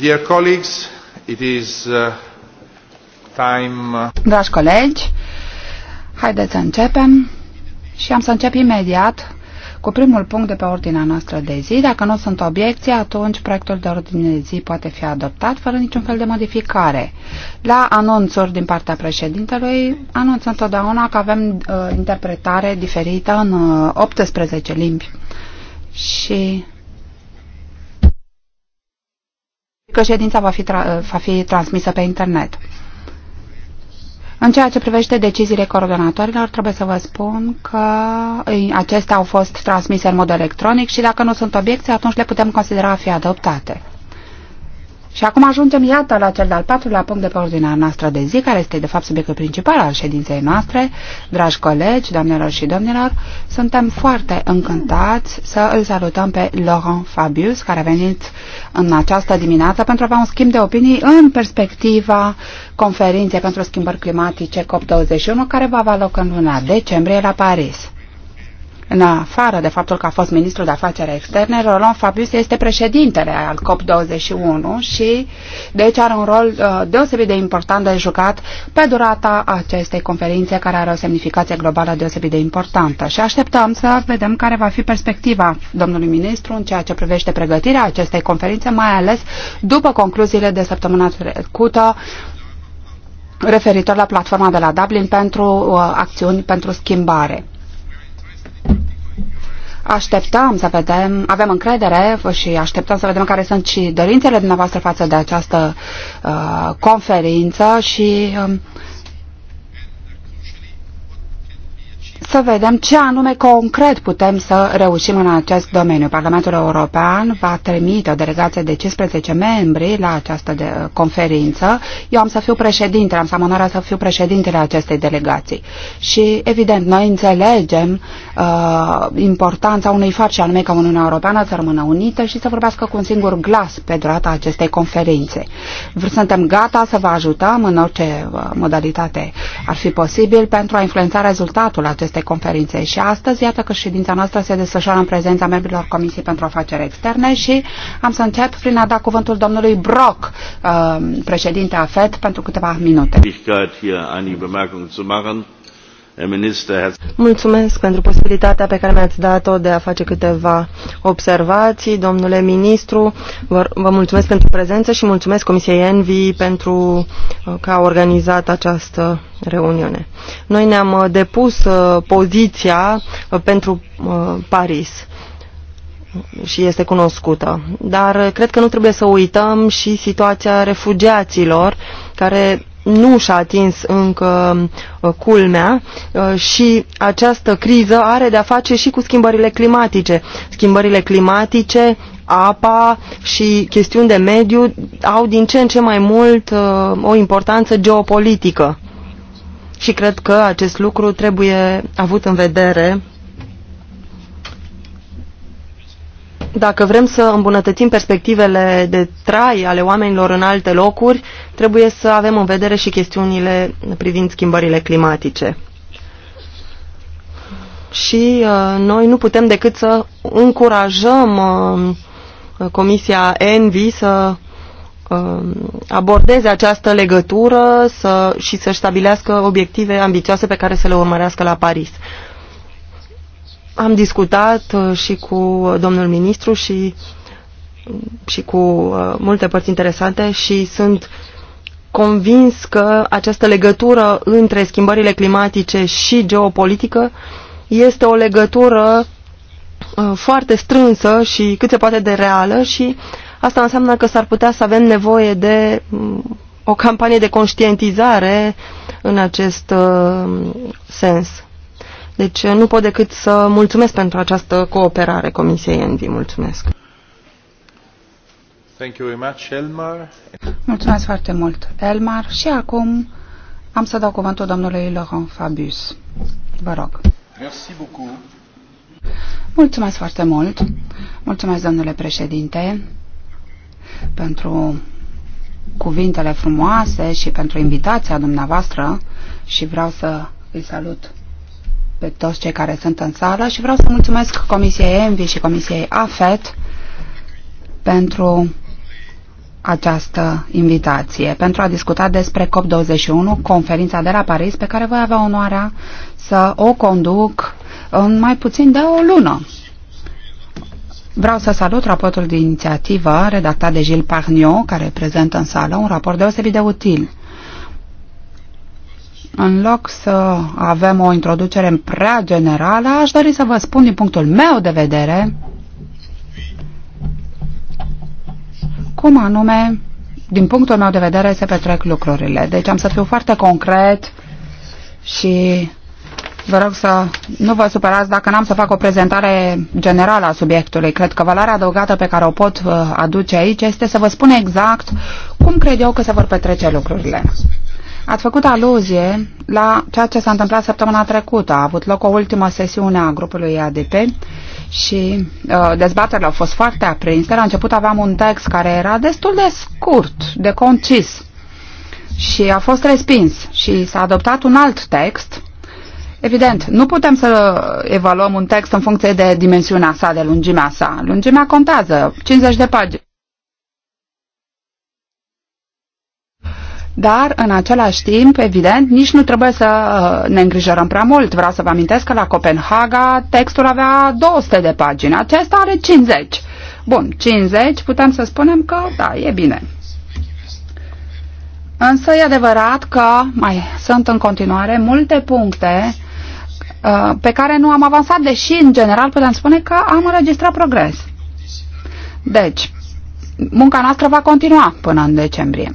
Uh, uh, Dragi colegi, haideți să începem și am să încep imediat cu primul punct de pe ordinea noastră de zi. Dacă nu sunt obiecții, atunci proiectul de ordine de zi poate fi adoptat fără niciun fel de modificare. La anunțuri din partea președintelui, anunț întotdeauna că avem uh, interpretare diferită în uh, 18 limbi. Și că ședința va fi, tra va fi transmisă pe internet. În ceea ce privește deciziile coordonatorilor, trebuie să vă spun că acestea au fost transmise în mod electronic și dacă nu sunt obiecții, atunci le putem considera a fi adoptate. Și acum ajungem, iată, la cel de-al patrulea punct de pe ordinea noastră de zi, care este, de fapt, subiectul principal al ședinței noastre. Dragi colegi, doamnelor și domnilor, suntem foarte încântați să îl salutăm pe Laurent Fabius, care a venit în această dimineață pentru a avea un schimb de opinii în perspectiva conferinței pentru schimbări climatice COP21, care va avea loc în luna decembrie la Paris în afară de faptul că a fost ministrul de afaceri externe, Roland Fabius este președintele al COP21 și deci are un rol uh, deosebit de important de jucat pe durata acestei conferințe care are o semnificație globală deosebit de importantă. Și așteptăm să vedem care va fi perspectiva domnului ministru în ceea ce privește pregătirea acestei conferințe, mai ales după concluziile de săptămâna trecută referitor la platforma de la Dublin pentru uh, acțiuni pentru schimbare. Așteptăm să vedem, avem încredere și așteptăm să vedem care sunt și dorințele dumneavoastră față de această uh, conferință și uh, să vedem ce anume concret putem să reușim în acest domeniu. Parlamentul European va trimite o delegație de 15 membri la această de, conferință. Eu am să fiu președinte, am să am onoarea să fiu președintele acestei delegații. Și, evident, noi înțelegem uh, importanța unui fapt și anume ca Uniunea Europeană să rămână unită și să vorbească cu un singur glas pe durata acestei conferințe. Suntem gata să vă ajutăm în orice uh, modalitate ar fi posibil pentru a influența rezultatul acestei aceste conferințe. Și astăzi, iată că ședința noastră se desfășoară în prezența membrilor Comisiei pentru Afaceri Externe și am să încep prin a da cuvântul domnului Brock, uh, președinte a Fed, pentru câteva minute. Mulțumesc pentru posibilitatea pe care mi-ați dat-o de a face câteva observații. Domnule ministru, vă, mulțumesc pentru prezență și mulțumesc Comisiei Envi pentru uh, că a organizat această reuniune. Noi ne-am uh, depus uh, poziția pentru Paris și este cunoscută. Dar cred că nu trebuie să uităm și situația refugiaților care nu și-a atins încă uh, culmea uh, și această criză are de-a face și cu schimbările climatice. Schimbările climatice, apa și chestiuni de mediu au din ce în ce mai mult uh, o importanță geopolitică. Și cred că acest lucru trebuie avut în vedere Dacă vrem să îmbunătățim perspectivele de trai ale oamenilor în alte locuri, trebuie să avem în vedere și chestiunile privind schimbările climatice. Și uh, noi nu putem decât să încurajăm uh, Comisia ENVI să uh, abordeze această legătură să, și să-și stabilească obiective ambițioase pe care să le urmărească la Paris. Am discutat uh, și cu domnul ministru și, și cu uh, multe părți interesante și sunt convins că această legătură între schimbările climatice și geopolitică este o legătură uh, foarte strânsă și cât se poate de reală și asta înseamnă că s-ar putea să avem nevoie de mm, o campanie de conștientizare în acest sens. Deci nu pot decât să mulțumesc pentru această cooperare Comisiei Envi. Mulțumesc. Thank you very much, Elmar. Mulțumesc foarte mult, Elmar. Și acum am să dau cuvântul domnului Laurent Fabius. Vă rog. Merci beaucoup. Mulțumesc foarte mult. Mulțumesc, domnule președinte, pentru cuvintele frumoase și pentru invitația dumneavoastră și vreau să îi salut pe toți cei care sunt în sală și vreau să mulțumesc Comisiei ENVI și Comisiei AFET pentru această invitație pentru a discuta despre COP21, conferința de la Paris, pe care voi avea onoarea să o conduc în mai puțin de o lună. Vreau să salut raportul de inițiativă redactat de Gilles Parniot, care prezentă în sală un raport deosebit de util în loc să avem o introducere prea generală, aș dori să vă spun din punctul meu de vedere cum anume, din punctul meu de vedere, se petrec lucrurile. Deci am să fiu foarte concret și vă rog să nu vă supărați dacă n-am să fac o prezentare generală a subiectului. Cred că valoarea adăugată pe care o pot uh, aduce aici este să vă spun exact cum cred eu că se vor petrece lucrurile. Ați făcut aluzie la ceea ce s-a întâmplat săptămâna trecută. A avut loc o ultimă sesiune a grupului ADP și uh, dezbaterile au fost foarte aprinse. La început aveam un text care era destul de scurt, de concis și a fost respins și s-a adoptat un alt text. Evident, nu putem să evaluăm un text în funcție de dimensiunea sa, de lungimea sa. Lungimea contează, 50 de pagini. dar în același timp, evident, nici nu trebuie să uh, ne îngrijorăm prea mult. Vreau să vă amintesc că la Copenhaga textul avea 200 de pagini, acesta are 50. Bun, 50 putem să spunem că da, e bine. Însă e adevărat că mai sunt în continuare multe puncte uh, pe care nu am avansat, deși în general putem spune că am înregistrat progres. Deci, munca noastră va continua până în decembrie.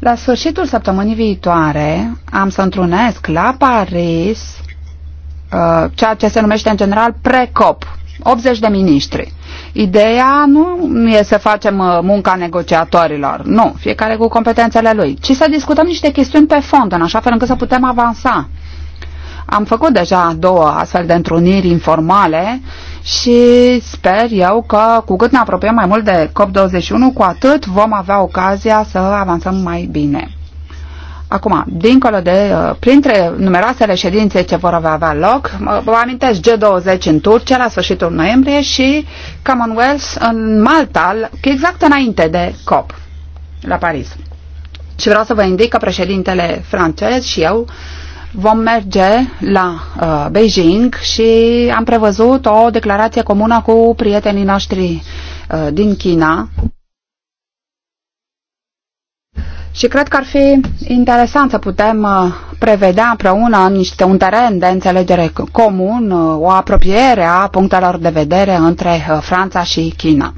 La sfârșitul săptămânii viitoare am să întrunesc la Paris uh, ceea ce se numește în general precop, 80 de miniștri. Ideea nu e să facem uh, munca negociatorilor, nu, fiecare cu competențele lui, ci să discutăm niște chestiuni pe fond, în așa fel încât să putem avansa. Am făcut deja două astfel de întruniri informale și sper eu că cu cât ne apropiem mai mult de COP21, cu atât vom avea ocazia să avansăm mai bine. Acum, dincolo de, uh, printre numeroasele ședințe ce vor avea loc, vă amintesc G20 în Turcia la sfârșitul noiembrie și Commonwealth în Malta, exact înainte de COP, la Paris. Și vreau să vă indic că președintele francez și eu vom merge la uh, Beijing și am prevăzut o declarație comună cu prietenii noștri uh, din China. Și cred că ar fi interesant să putem uh, prevedea împreună niște, un teren de înțelegere comun, uh, o apropiere a punctelor de vedere între uh, Franța și China.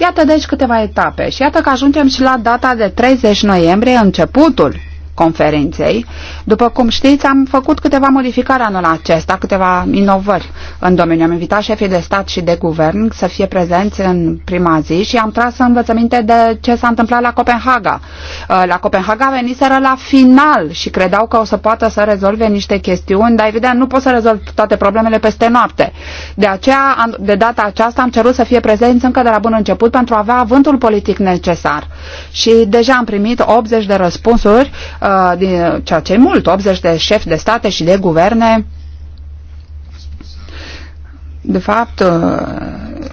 Iată deci câteva etape și iată că ajungem și la data de 30 noiembrie, începutul conferinței. După cum știți, am făcut câteva modificări anul acesta, câteva inovări în domeniu. Am invitat șefii de stat și de guvern să fie prezenți în prima zi și am tras învățăminte de ce s-a întâmplat la Copenhaga. Uh, la Copenhaga veniseră la final și credeau că o să poată să rezolve niște chestiuni, dar evident nu pot să rezolv toate problemele peste noapte. De aceea, de data aceasta, am cerut să fie prezenți încă de la bun început pentru a avea avântul politic necesar. Și deja am primit 80 de răspunsuri Uh, din ceea ce e mult, 80 de șefi de state și de guverne. De fapt, uh,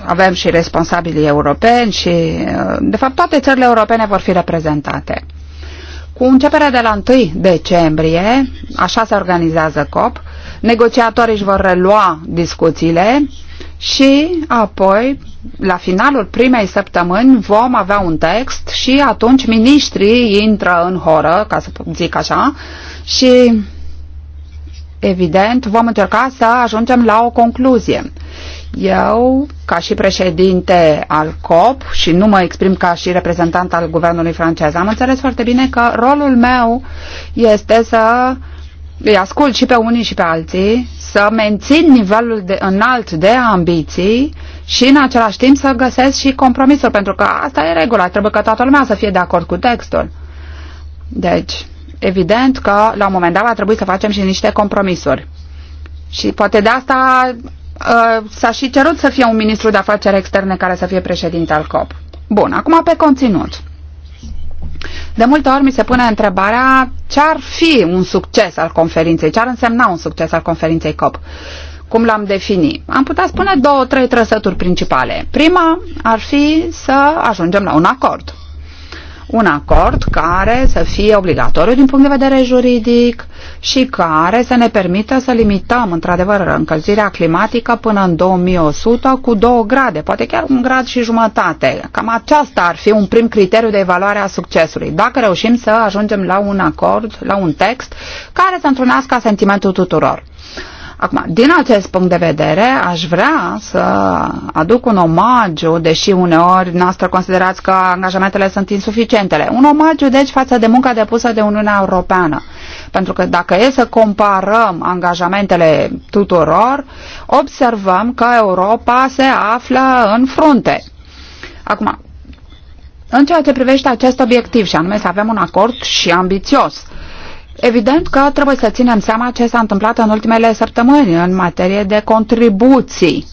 avem și responsabili europeni și, uh, de fapt, toate țările europene vor fi reprezentate. Cu începerea de la 1 decembrie, așa se organizează COP, negociatorii își vor relua discuțiile și apoi la finalul primei săptămâni vom avea un text și atunci miniștrii intră în horă, ca să zic așa, și evident vom încerca să ajungem la o concluzie. Eu, ca și președinte al COP și nu mă exprim ca și reprezentant al guvernului francez, am înțeles foarte bine că rolul meu este să îi ascult și pe unii și pe alții, să mențin nivelul de, înalt de ambiții și în același timp să găsesc și compromisuri, pentru că asta e regula, trebuie ca toată lumea să fie de acord cu textul. Deci, evident că la un moment dat va trebui să facem și niște compromisuri. Și poate de asta uh, s-a și cerut să fie un ministru de afaceri externe care să fie președinte al COP. Bun, acum pe conținut. De multe ori mi se pune întrebarea ce ar fi un succes al conferinței, ce ar însemna un succes al conferinței COP. Cum l-am defini? Am putea spune două, trei trăsături principale. Prima ar fi să ajungem la un acord un acord care să fie obligatoriu din punct de vedere juridic și care să ne permită să limităm într-adevăr încălzirea climatică până în 2100 cu 2 grade, poate chiar un grad și jumătate. Cam aceasta ar fi un prim criteriu de evaluare a succesului. Dacă reușim să ajungem la un acord, la un text care să întrunească sentimentul tuturor. Acum, din acest punct de vedere, aș vrea să aduc un omagiu, deși uneori noastră considerați că angajamentele sunt insuficientele. Un omagiu, deci, față de munca depusă de Uniunea Europeană. Pentru că dacă e să comparăm angajamentele tuturor, observăm că Europa se află în frunte. Acum, în ceea ce privește acest obiectiv, și anume să avem un acord și ambițios, uh, Evident că trebuie să ținem seama ce s-a întâmplat în ultimele săptămâni în materie de contribuții,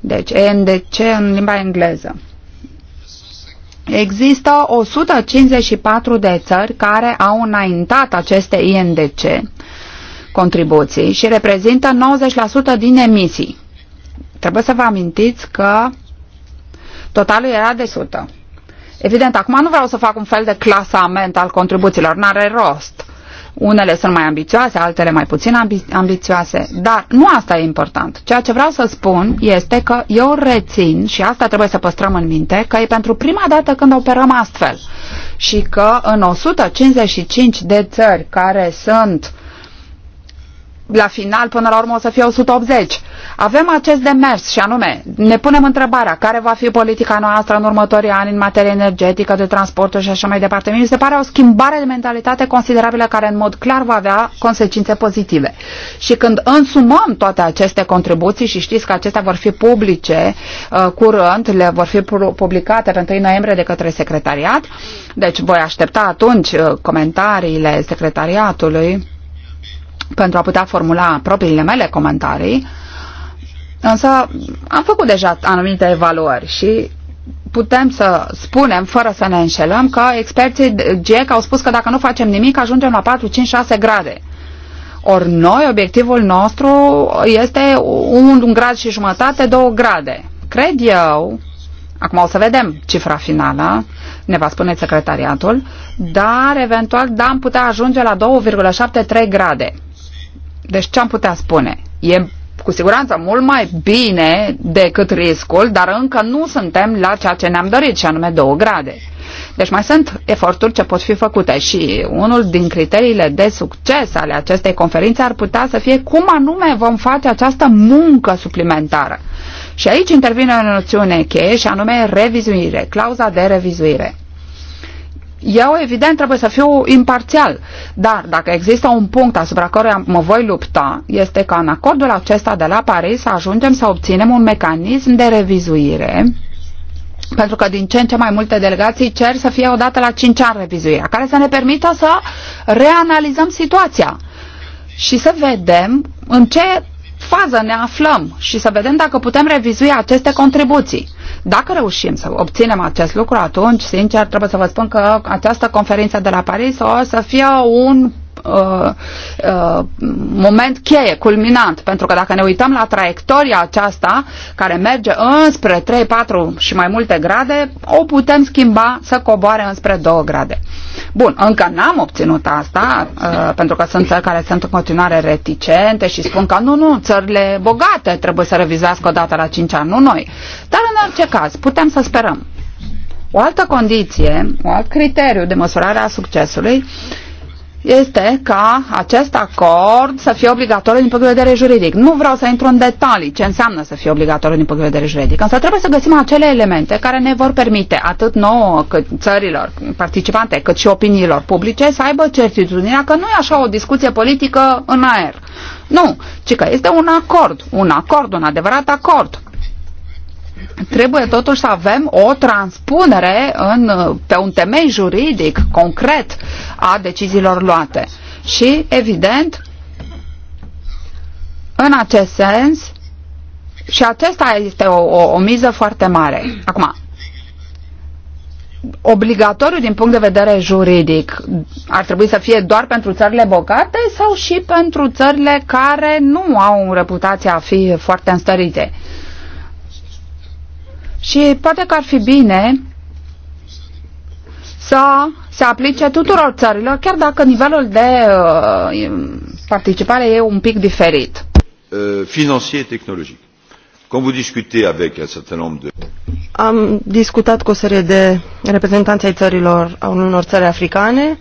deci NDC în limba engleză. Există 154 de țări care au înaintat aceste INDC contribuții și reprezintă 90% din emisii. Trebuie să vă amintiți că totalul era de 100. Evident, acum nu vreau să fac un fel de clasament al contribuțiilor, n-are rost. Unele sunt mai ambițioase, altele mai puțin ambi ambițioase, dar nu asta e important. Ceea ce vreau să spun este că eu rețin, și asta trebuie să păstrăm în minte, că e pentru prima dată când operăm astfel și că în 155 de țări care sunt uh, la final, până la urmă, o să fie 180. Avem acest demers și anume, ne punem întrebarea care va fi politica noastră în următorii ani în materie energetică, de transporturi și așa mai departe. Mi se pare o schimbare de mentalitate considerabilă care în mod clar va avea consecințe pozitive. Și când însumăm toate aceste contribuții și știți că acestea vor fi publice uh, curând, le vor fi publicate pe 1 noiembrie de către secretariat, deci voi aștepta atunci uh, comentariile secretariatului pentru a putea formula propriile mele comentarii, însă am făcut deja anumite evaluări și putem să spunem, fără să ne înșelăm, că experții GEC au spus că dacă nu facem nimic, ajungem la 4, 5, 6 grade. Ori noi, obiectivul nostru este un, un grad și jumătate, două grade. Cred eu, acum o să vedem cifra finală, ne va spune secretariatul, dar eventual da, am putea ajunge la 2,73 grade. Deci ce am putea spune? E cu siguranță mult mai bine decât riscul, dar încă nu suntem la ceea ce ne-am dorit, și anume 2 grade. Deci mai sunt eforturi ce pot fi făcute și unul din criteriile de succes ale acestei conferințe ar putea să fie cum anume vom face această muncă suplimentară. Și aici intervine o noțiune cheie și anume revizuire, clauza de revizuire eu, evident, trebuie să fiu imparțial, dar dacă există un punct asupra căruia mă voi lupta, este ca în acordul acesta de la Paris să ajungem să obținem un mecanism de revizuire pentru că din ce în ce mai multe delegații cer să fie odată la 5 ani revizuirea, care să ne permită să reanalizăm situația și să vedem în ce fază ne aflăm și să vedem dacă putem revizui aceste contribuții. Dacă reușim să obținem acest lucru, atunci, sincer, trebuie să vă spun că această conferință de la Paris o să fie un Uh, uh, moment cheie, culminant, pentru că dacă ne uităm la traiectoria aceasta, care merge înspre 3, 4 și mai multe grade, o putem schimba să coboare înspre 2 grade. Bun, încă n-am obținut asta, uh, pentru că sunt țări care sunt în continuare reticente și spun că nu, nu, țările bogate trebuie să revizească o dată la 5 ani, nu noi. Dar în orice caz, putem să sperăm. O altă condiție, un alt criteriu de măsurare a succesului este ca acest acord să fie obligatoriu din punct de vedere juridic. Nu vreau să intru în detalii ce înseamnă să fie obligatoriu din punct de vedere juridic, însă trebuie să găsim acele elemente care ne vor permite atât nouă cât țărilor participante, cât și opiniilor publice să aibă certitudinea că nu e așa o discuție politică în aer. Nu, ci că este un acord, un acord, un adevărat acord trebuie totuși să avem o transpunere în, pe un temei juridic concret a deciziilor luate. Și, evident, în acest sens, și acesta este o, o, o miză foarte mare. Acum, obligatoriu din punct de vedere juridic ar trebui să fie doar pentru țările bogate sau și pentru țările care nu au reputația a fi foarte înstărite. Uh, și poate că ar fi bine să se aplice tuturor țărilor, chiar dacă nivelul de uh, participare e un pic diferit. Uh, financier tehnologic. Când vă discutez avec un certain nombre de... Am discutat cu o serie de reprezentanți ai țărilor, a unor țări africane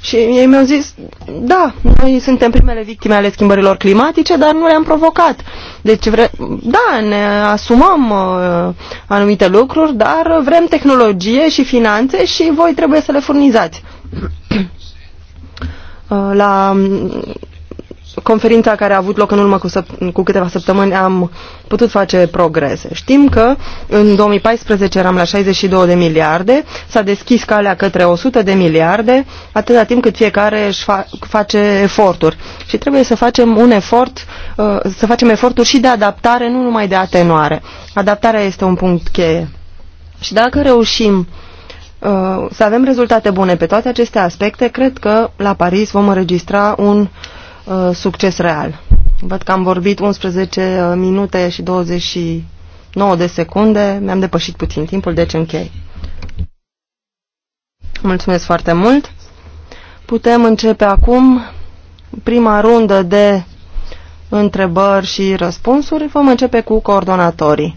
și ei mi-au zis, da, noi suntem primele victime ale schimbărilor climatice, dar nu le-am provocat. Deci, vre- da, ne asumăm uh, anumite lucruri, dar vrem tehnologie și finanțe și voi trebuie să le furnizați. Uh, la conferința care a avut loc în urmă cu, cu câteva săptămâni am putut face progrese. Știm că în 2014 eram la 62 de miliarde, s-a deschis calea către 100 de miliarde, atâta timp cât fiecare își fa face eforturi. Și trebuie să facem un efort, uh, să facem eforturi și de adaptare, nu numai de atenuare. Adaptarea este un punct cheie. Și dacă reușim uh, să avem rezultate bune pe toate aceste aspecte, cred că la Paris vom înregistra un uh, Uh, succes real. Văd că am vorbit 11 uh, minute și 29 de secunde, mi-am depășit puțin timpul, deci închei. Mulțumesc foarte mult. Putem începe acum prima rundă de întrebări și răspunsuri. Vom începe cu coordonatorii.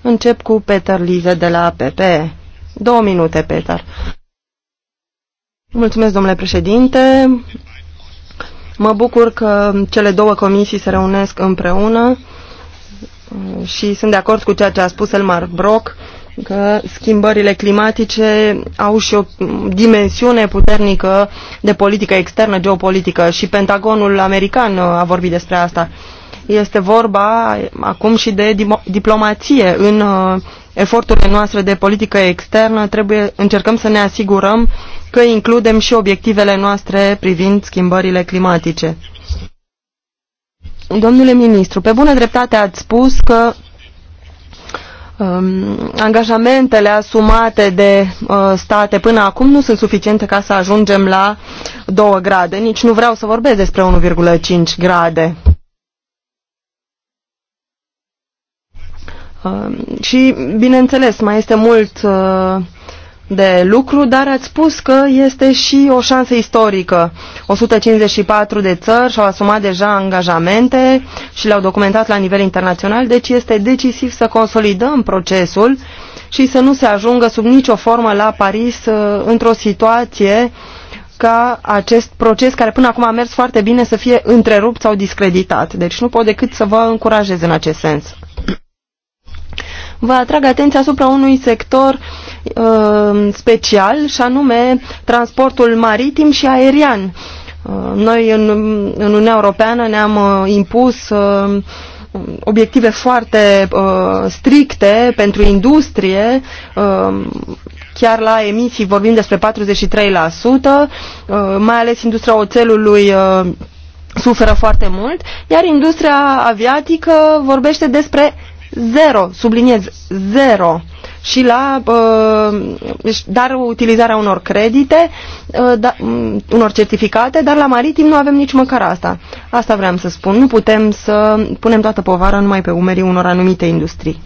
Încep cu Peter Lize de la APP. Două minute, Peter. Mulțumesc, domnule președinte. Mă bucur că cele două comisii se reunesc împreună și sunt de acord cu ceea ce a spus Elmar Brock, că schimbările climatice au și o dimensiune puternică de politică externă, geopolitică și Pentagonul american a vorbit despre asta. Este vorba acum și de diplomație. În uh, eforturile noastre de politică externă trebuie, încercăm să ne asigurăm că includem și obiectivele noastre privind schimbările climatice. Domnule ministru, pe bună dreptate ați spus că um, angajamentele asumate de uh, state până acum nu sunt suficiente ca să ajungem la 2 grade. Nici nu vreau să vorbesc despre 1,5 grade. Uh, și, bineînțeles, mai este mult uh, de lucru, dar ați spus că este și o șansă istorică. 154 de țări și-au asumat deja angajamente și le-au documentat la nivel internațional, deci este decisiv să consolidăm procesul și să nu se ajungă sub nicio formă la Paris uh, într-o situație ca acest proces care până acum a mers foarte bine să fie întrerupt sau discreditat. Deci nu pot decât să vă încurajez în acest sens vă atrag atenția asupra unui sector uh, special și anume transportul maritim și aerian. Uh, noi în, în Uniunea Europeană ne-am uh, impus uh, obiective foarte uh, stricte pentru industrie, uh, chiar la emisii vorbim despre 43%, uh, mai ales industria oțelului uh, suferă foarte mult, iar industria aviatică vorbește despre zero, subliniez zero, și la, uh, dar utilizarea unor credite, uh, da, mm, unor certificate, dar la maritim nu avem nici măcar asta. Asta vreau să spun. Nu putem să punem toată povara numai pe umerii unor anumite industrii.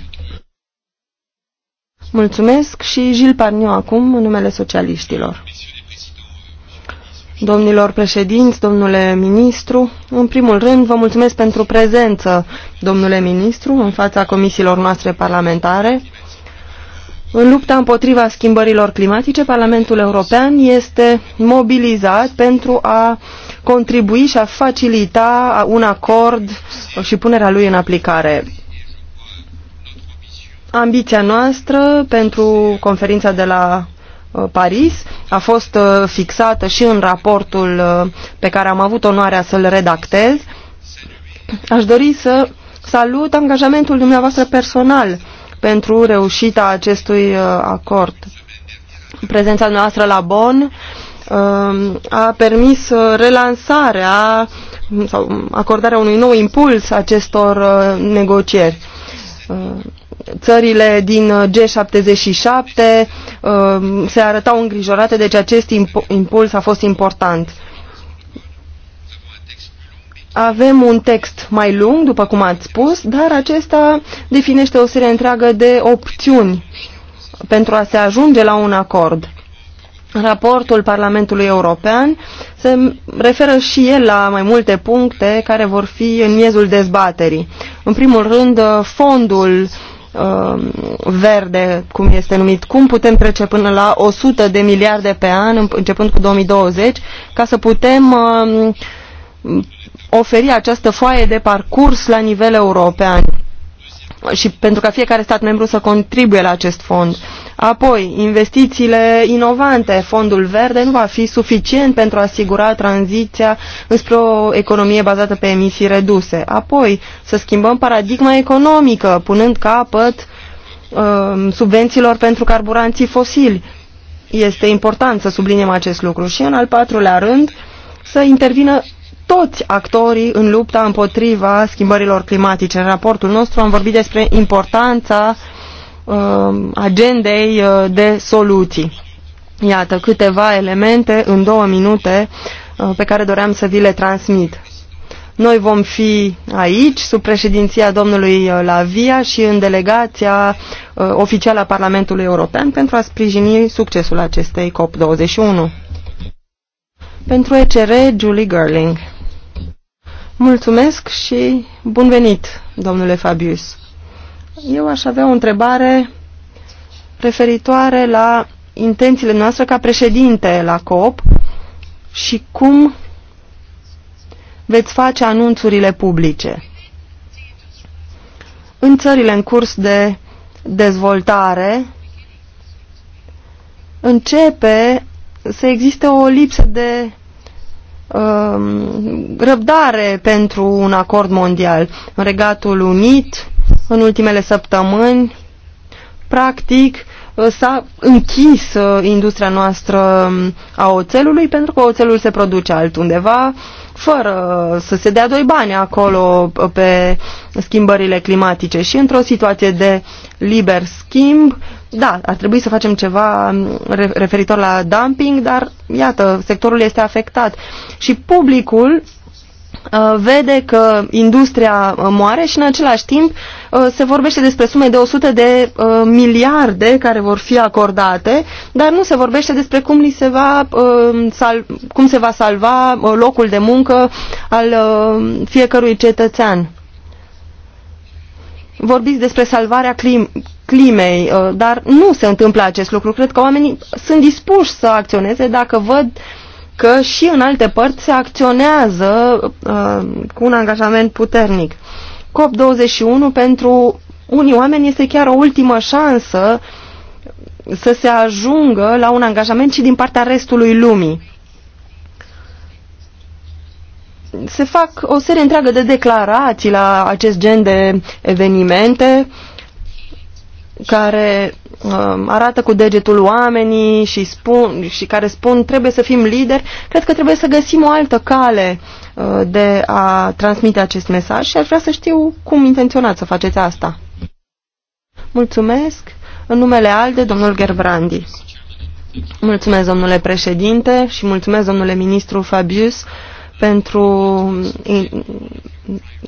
Mulțumesc și Gil Parniu acum în numele socialiștilor domnilor președinți, domnule ministru. În primul rând, vă mulțumesc pentru prezență, domnule ministru, în fața comisiilor noastre parlamentare. În lupta împotriva schimbărilor climatice, Parlamentul European este mobilizat pentru a contribui și a facilita un acord și punerea lui în aplicare. Ambiția noastră pentru conferința de la uh, Paris a fost uh, fixată și în raportul uh, pe care am avut onoarea să-l redactez. Aș dori să salut angajamentul dumneavoastră personal pentru reușita acestui uh, acord. Prezența noastră la Bonn um, a permis relansarea sau acordarea unui nou impuls acestor negocieri țările din uh, G77 uh, se arătau îngrijorate, deci acest impuls a fost important. Avem un text mai lung, după cum ați spus, dar acesta definește o serie întreagă de opțiuni pentru a se ajunge la un acord. Raportul Parlamentului European se referă și el la mai multe puncte care vor fi în miezul dezbaterii. În primul rând, uh, fondul uh, Um, verde, cum este numit, cum putem trece până la 100 de miliarde pe an, începând cu 2020, ca să putem uh, oferi această foaie de parcurs la nivel european și pentru ca fiecare stat membru să contribuie la acest fond. Apoi, investițiile inovante, fondul verde nu va fi suficient pentru a asigura tranziția înspre o economie bazată pe emisii reduse. Apoi, să schimbăm paradigma economică, punând capăt uh, subvențiilor pentru carburanții fosili. Este important să subliniem acest lucru. Și în al patrulea rând, să intervină toți actorii în lupta împotriva schimbărilor climatice. În raportul nostru am vorbit despre importanța uh, Um, agendei uh, de soluții. Iată câteva elemente în două minute uh, pe care doream să vi le transmit. Noi vom fi aici, sub președinția domnului uh, Lavia și în delegația oficială a Parlamentului European pentru a sprijini succesul acestei COP21. Pentru ECR, Julie Gerling. Mulțumesc și bun venit, domnule Fabius. Eu aș avea o întrebare referitoare la intențiile noastre ca președinte la COP și cum veți face anunțurile publice. În țările în curs de dezvoltare începe să existe o lipsă de uh, răbdare pentru un acord mondial. În Regatul Unit în ultimele săptămâni. Practic, uh, s-a închis uh, industria noastră um, a oțelului pentru că oțelul se produce altundeva fără uh, să se dea doi bani acolo pe schimbările climatice și într-o situație de liber schimb, da, ar trebui să facem ceva um, referitor la dumping, dar iată, sectorul este afectat și publicul Uh, vede că industria uh, moare și în același timp uh, se vorbește despre sume de 100 de miliarde care vor fi acordate, dar nu se vorbește despre cum, li se, va, cum se va salva locul de muncă al fiecărui cetățean. Vorbiți despre salvarea clim climei, dar nu se întâmplă acest lucru. Cred că oamenii sunt dispuși să acționeze dacă văd uh, că și în alte părți se acționează uh, cu un angajament puternic. COP21 pentru unii oameni este chiar o ultimă șansă să se ajungă la un angajament și din partea restului lumii. Se fac o serie întreagă de declarații la acest gen de evenimente, uh, care uh, arată cu degetul oamenii și, spun, și care spun trebuie să fim lideri, cred că trebuie să găsim o altă cale uh, de a transmite acest mesaj și aș vrea să știu cum intenționați să faceți asta. Mulțumesc. În numele ALDE, domnul Gerbrandi. Mulțumesc, domnule președinte, și mulțumesc, domnule ministru Fabius, uh, pentru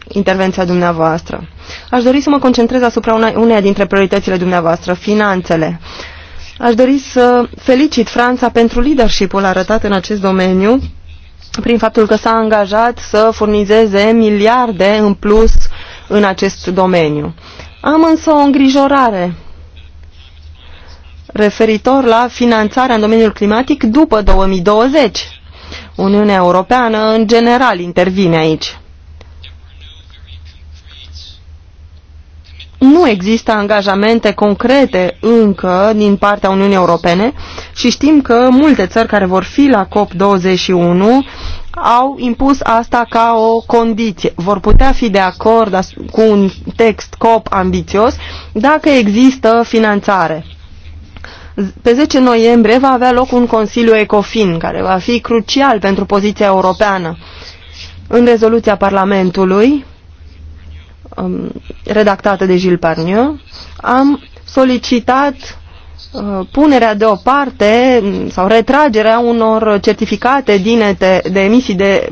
intervenția dumneavoastră. Aș dori să mă concentrez asupra uneia dintre prioritățile dumneavoastră, finanțele. Aș dori să felicit Franța pentru leadership-ul arătat în acest domeniu, prin faptul că s-a angajat să furnizeze miliarde în plus în acest domeniu. Am însă o îngrijorare referitor la finanțarea în domeniul climatic după 2020 Uniunea Europeană în general intervine aici. nu există angajamente concrete încă din partea Uniunii Europene și știm că multe țări care vor fi la COP21 au impus asta ca o condiție. Vor putea fi de acord cu un text COP ambițios dacă există finanțare. Pe 10 noiembrie va avea loc un Consiliu Ecofin, care va fi crucial pentru poziția europeană. În rezoluția Parlamentului, um, redactată de Gilles Parnieu, am solicitat uh, punerea deoparte mm, sau retragerea unor certificate din de emisii de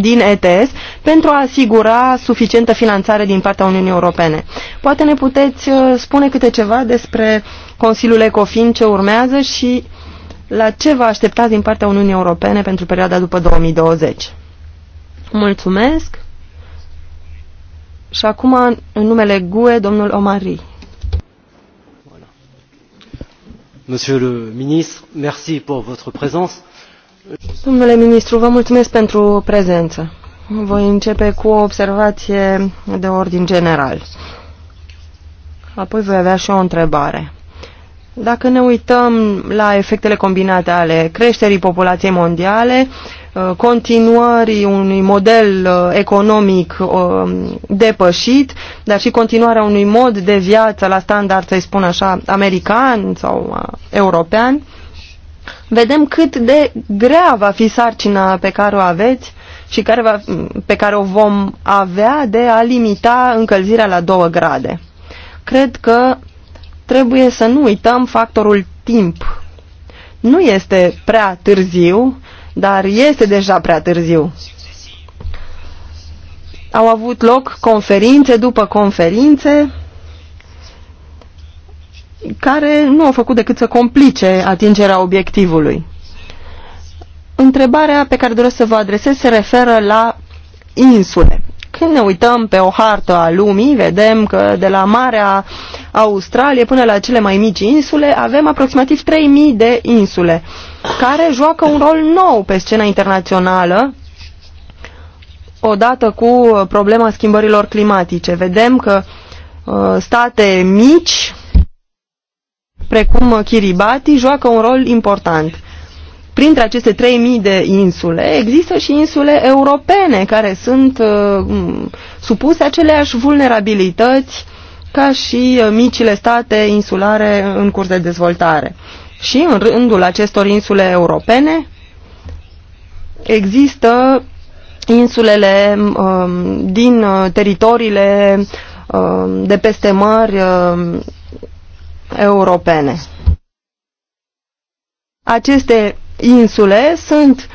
din ETS pentru a asigura suficientă finanțare din partea Uniunii Europene. Poate ne puteți uh, spune câte ceva despre Consiliul ECOFIN ce urmează și la ce vă așteptați din partea Uniunii Europene pentru perioada după 2020. Mulțumesc! Și acum, în numele GUE, domnul Omari. Monsieur le ministre, merci pour votre présence. Domnule ministru, vă mulțumesc pentru prezență. Voi începe cu o observație de ordin general. Apoi voi avea și o întrebare. Dacă ne uităm la efectele combinate ale creșterii populației mondiale, uh, continuării unui model uh, economic uh, depășit, dar și continuarea unui mod de viață la standard, să-i spun așa, american sau european, vedem cât de grea va fi sarcina pe care o aveți și care va, pe care o vom avea de a limita încălzirea la 2 grade. Cred că trebuie să nu uităm factorul timp. Nu este prea târziu, dar este deja prea târziu. Au avut loc conferințe după conferințe care nu au făcut decât să complice atingerea obiectivului. Întrebarea pe care doresc să vă adresez se referă la insule. Când ne uităm pe o hartă a lumii, vedem că de la Marea Australie până la cele mai mici insule avem aproximativ 3000 de insule care joacă un rol nou pe scena internațională odată cu problema schimbărilor climatice. Vedem că uh, state mici precum uh, Kiribati, joacă un rol important. Printre aceste 3000 de insule există și insule europene care sunt uh, supuse aceleași vulnerabilități ca și uh, micile state insulare în curs de dezvoltare. Și în rândul acestor insule europene există insulele uh, din uh, teritoriile uh, de peste mări uh, europene. Aceste insule sunt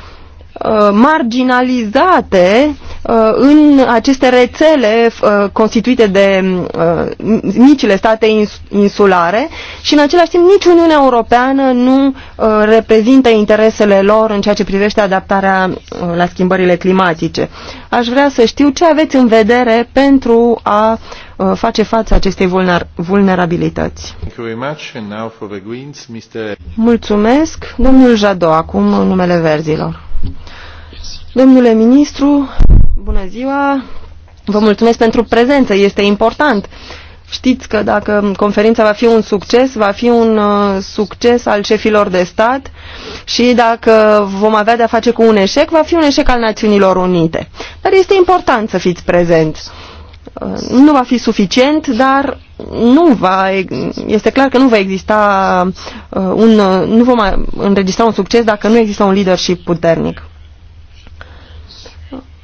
uh, marginalizate Uh, în aceste rețele uh, constituite de uh, micile state insulare și în același timp nici Uniunea Europeană nu reprezintă interesele lor în ceea ce privește adaptarea la schimbările climatice. Aș vrea să știu ce aveți în vedere pentru a face față acestei vulner vulnerabilități. Mulțumesc. Domnul Jado, acum în numele verzilor. Domnule ministru, bună ziua! Vă mulțumesc pentru prezență, este important. Știți că dacă conferința va fi un succes, va fi un uh, succes al șefilor de stat și dacă vom avea de-a face cu un eșec, va fi un eșec al Națiunilor Unite. Dar este important să fiți prezenți. Uh, nu va fi suficient, dar nu va, este clar că nu va exista uh, un, uh, nu vom înregistra un succes dacă nu există un leadership puternic.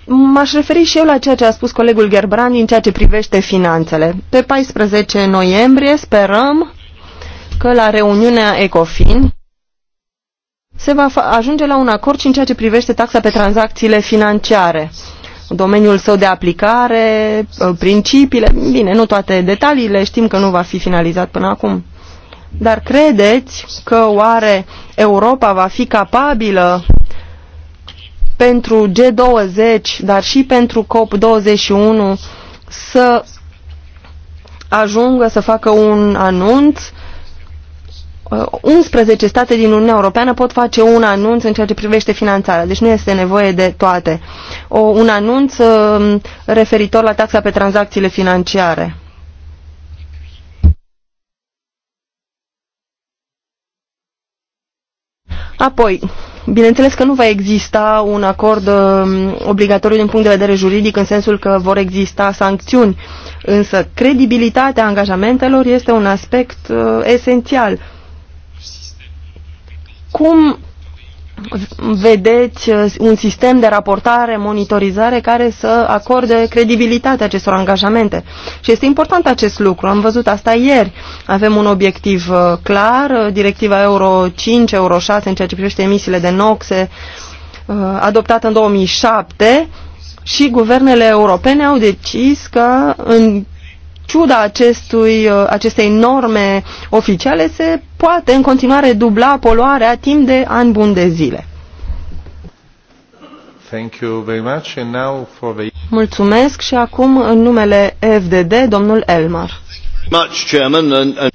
M-aș referi și eu la ceea ce a spus colegul Gerbrandi în ceea ce privește finanțele. Pe 14 noiembrie sperăm că la reuniunea ECOFIN se va ajunge la un acord și în ceea ce privește taxa pe tranzacțiile financiare, domeniul său de aplicare, ă, principiile, bine, nu toate detaliile, știm că nu va fi finalizat până acum. Dar credeți că oare Europa va fi capabilă pentru G20, dar și pentru COP21 să ajungă să facă un anunț. 11 uh, state din Uniunea Europeană pot face un anunț în ceea ce privește finanțarea, deci nu este nevoie de toate. O, un anunț um, referitor la taxa pe tranzacțiile financiare. Apoi, Bineînțeles că nu va exista un acord um, obligatoriu din punct de vedere juridic, în sensul că vor exista sancțiuni, însă credibilitatea angajamentelor este un aspect uh, esențial. Cum vedeți uh, un sistem de raportare, monitorizare care să acorde credibilitate acestor angajamente. Și este important acest lucru. Am văzut asta ieri. Avem un obiectiv uh, clar, uh, directiva Euro 5, Euro 6 în ceea ce privește emisiile de noxe, adoptată în 2007 și guvernele europene au decis că în ciuda acestui, acestei norme oficiale se poate în continuare dubla poluarea timp de ani bun de zile. Thank you very much. And now for the... Mulțumesc și acum în numele FDD, domnul Elmar.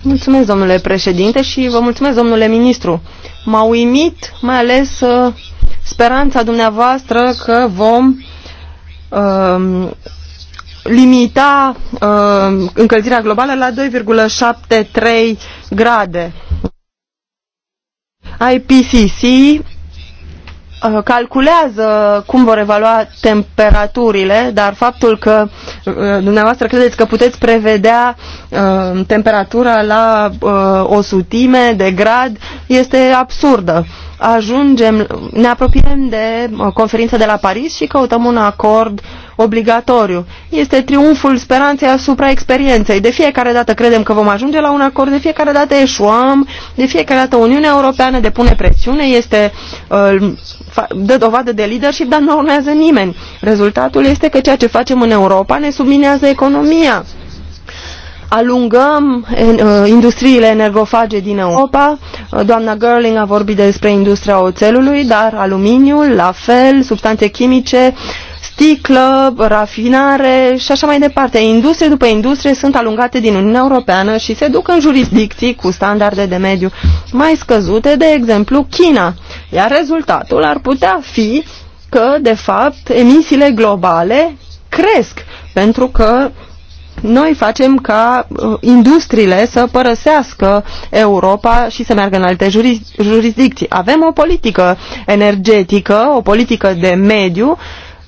Mulțumesc, domnule președinte, și vă mulțumesc, domnule ministru. M-a uimit mai ales uh, speranța dumneavoastră că vom uh, limita uh, încălzirea globală la 2,73 grade. IPCC uh, calculează cum vor evalua temperaturile, dar faptul că uh, dumneavoastră credeți că puteți prevedea uh, temperatura la o sutime de grad este absurdă ajungem, ne apropiem de uh, conferința de la Paris și căutăm un acord obligatoriu. Este triumful speranței asupra experienței. De fiecare dată credem că vom ajunge la un acord, de fiecare dată eșuăm, de fiecare dată Uniunea Europeană depune presiune, este, uh, dă dovadă de leadership, dar nu urmează nimeni. Rezultatul este că ceea ce facem în Europa ne subminează economia alungăm uh, industriile energofage din Europa. Uh, doamna Gerling a vorbit despre industria oțelului, dar aluminiul, la fel, substanțe chimice, sticlă, rafinare și așa mai departe. Industrie după industrie sunt alungate din Uniunea Europeană și se duc în jurisdicții cu standarde de mediu mai scăzute, de exemplu China. Iar rezultatul ar putea fi că, de fapt, emisiile globale cresc pentru că noi facem ca uh, industriile să părăsească Europa și să meargă în alte juris, jurisdicții. Avem o politică energetică, o politică de mediu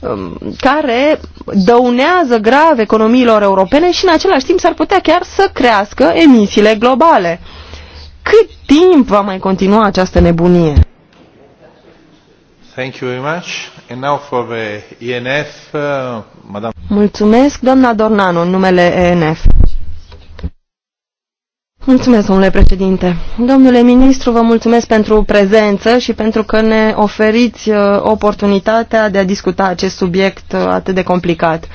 um, care dăunează grav economiilor europene și în același timp s-ar putea chiar să crească emisiile globale. Cât timp va mai continua această nebunie? Mulțumesc, doamna Dornanu, numele ENF. Mulțumesc, domnule președinte. Domnule ministru, vă mulțumesc pentru prezență și pentru că ne oferiți uh, oportunitatea de a discuta acest subiect uh, atât de complicat.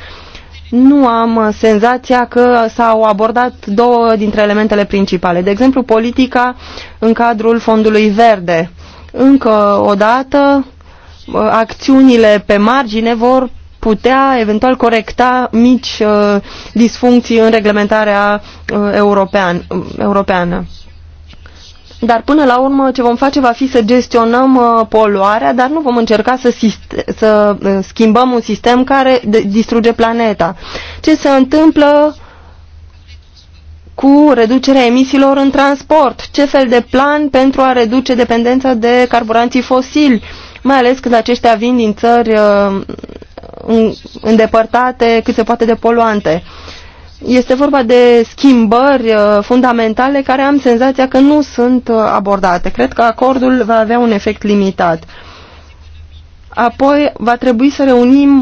Nu am uh, senzația că s-au abordat două dintre elementele principale. De exemplu, politica în cadrul Fondului Verde. Încă o dată, Uh, acțiunile pe margine vor putea eventual corecta mici uh, disfuncții în reglementarea uh, european, uh, europeană. Dar până la urmă ce vom face va fi să gestionăm uh, poluarea, dar nu vom încerca să, să uh, schimbăm un sistem care distruge planeta. Ce se întâmplă cu reducerea emisiilor în transport? Ce fel de plan pentru a reduce dependența de carburanții fosili? Uh, mai ales când aceștia vin din țări uh, îndepărtate cât se poate de poluante. Este vorba de schimbări uh, fundamentale care am senzația că nu sunt uh, abordate. Cred că acordul va avea un efect limitat. Apoi va trebui să reunim,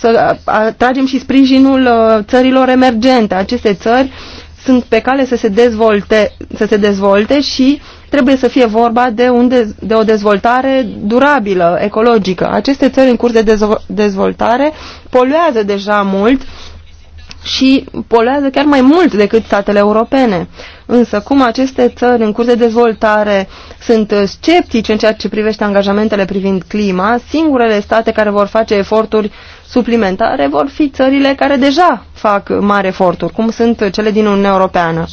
să atragem și sprijinul țărilor emergente. Aceste țări sunt pe cale să se dezvolte, să se dezvolte și trebuie să fie vorba de, un de, de o dezvoltare durabilă, ecologică. Aceste țări în curs de dezvoltare poluează deja mult și poluează chiar mai mult decât statele europene. Însă, cum aceste țări în curs de dezvoltare sunt sceptice în ceea ce privește angajamentele privind clima, singurele state care vor face eforturi suplimentare vor fi țările care deja fac mari eforturi, cum sunt cele din Uniunea Europeană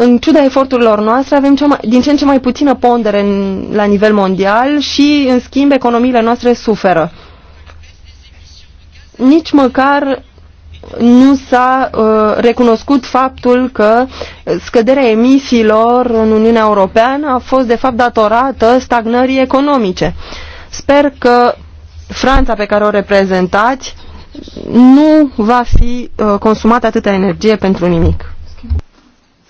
în ciuda eforturilor noastre, avem cea mai, din ce în ce mai puțină pondere în, la nivel mondial și, în schimb, economiile noastre suferă. Nici măcar nu s-a uh, recunoscut faptul că scăderea emisiilor în Uniunea Europeană a fost, de fapt, datorată stagnării economice. Sper că Franța pe care o reprezentați nu va fi uh, consumată atâta energie pentru nimic.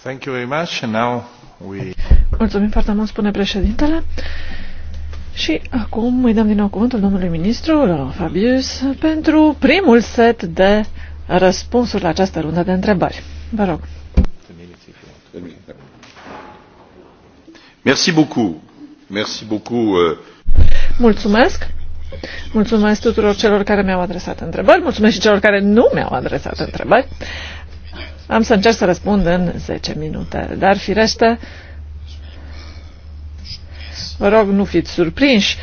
Thank you very much. And now we... Mulțumim foarte mult, spune președintele. Și acum îi dăm din nou cuvântul domnului ministru, Fabius, pentru primul set de răspunsuri la această rundă de întrebări. Vă rog. Merci beaucoup. Merci beaucoup. Euh. Mulțumesc. Mulțumesc tuturor celor care mi-au adresat întrebări. Mulțumesc și celor care nu mi-au adresat întrebări. Uh, am să încerc să răspund în 10 minute, dar firește, vă rog, nu fiți surprinși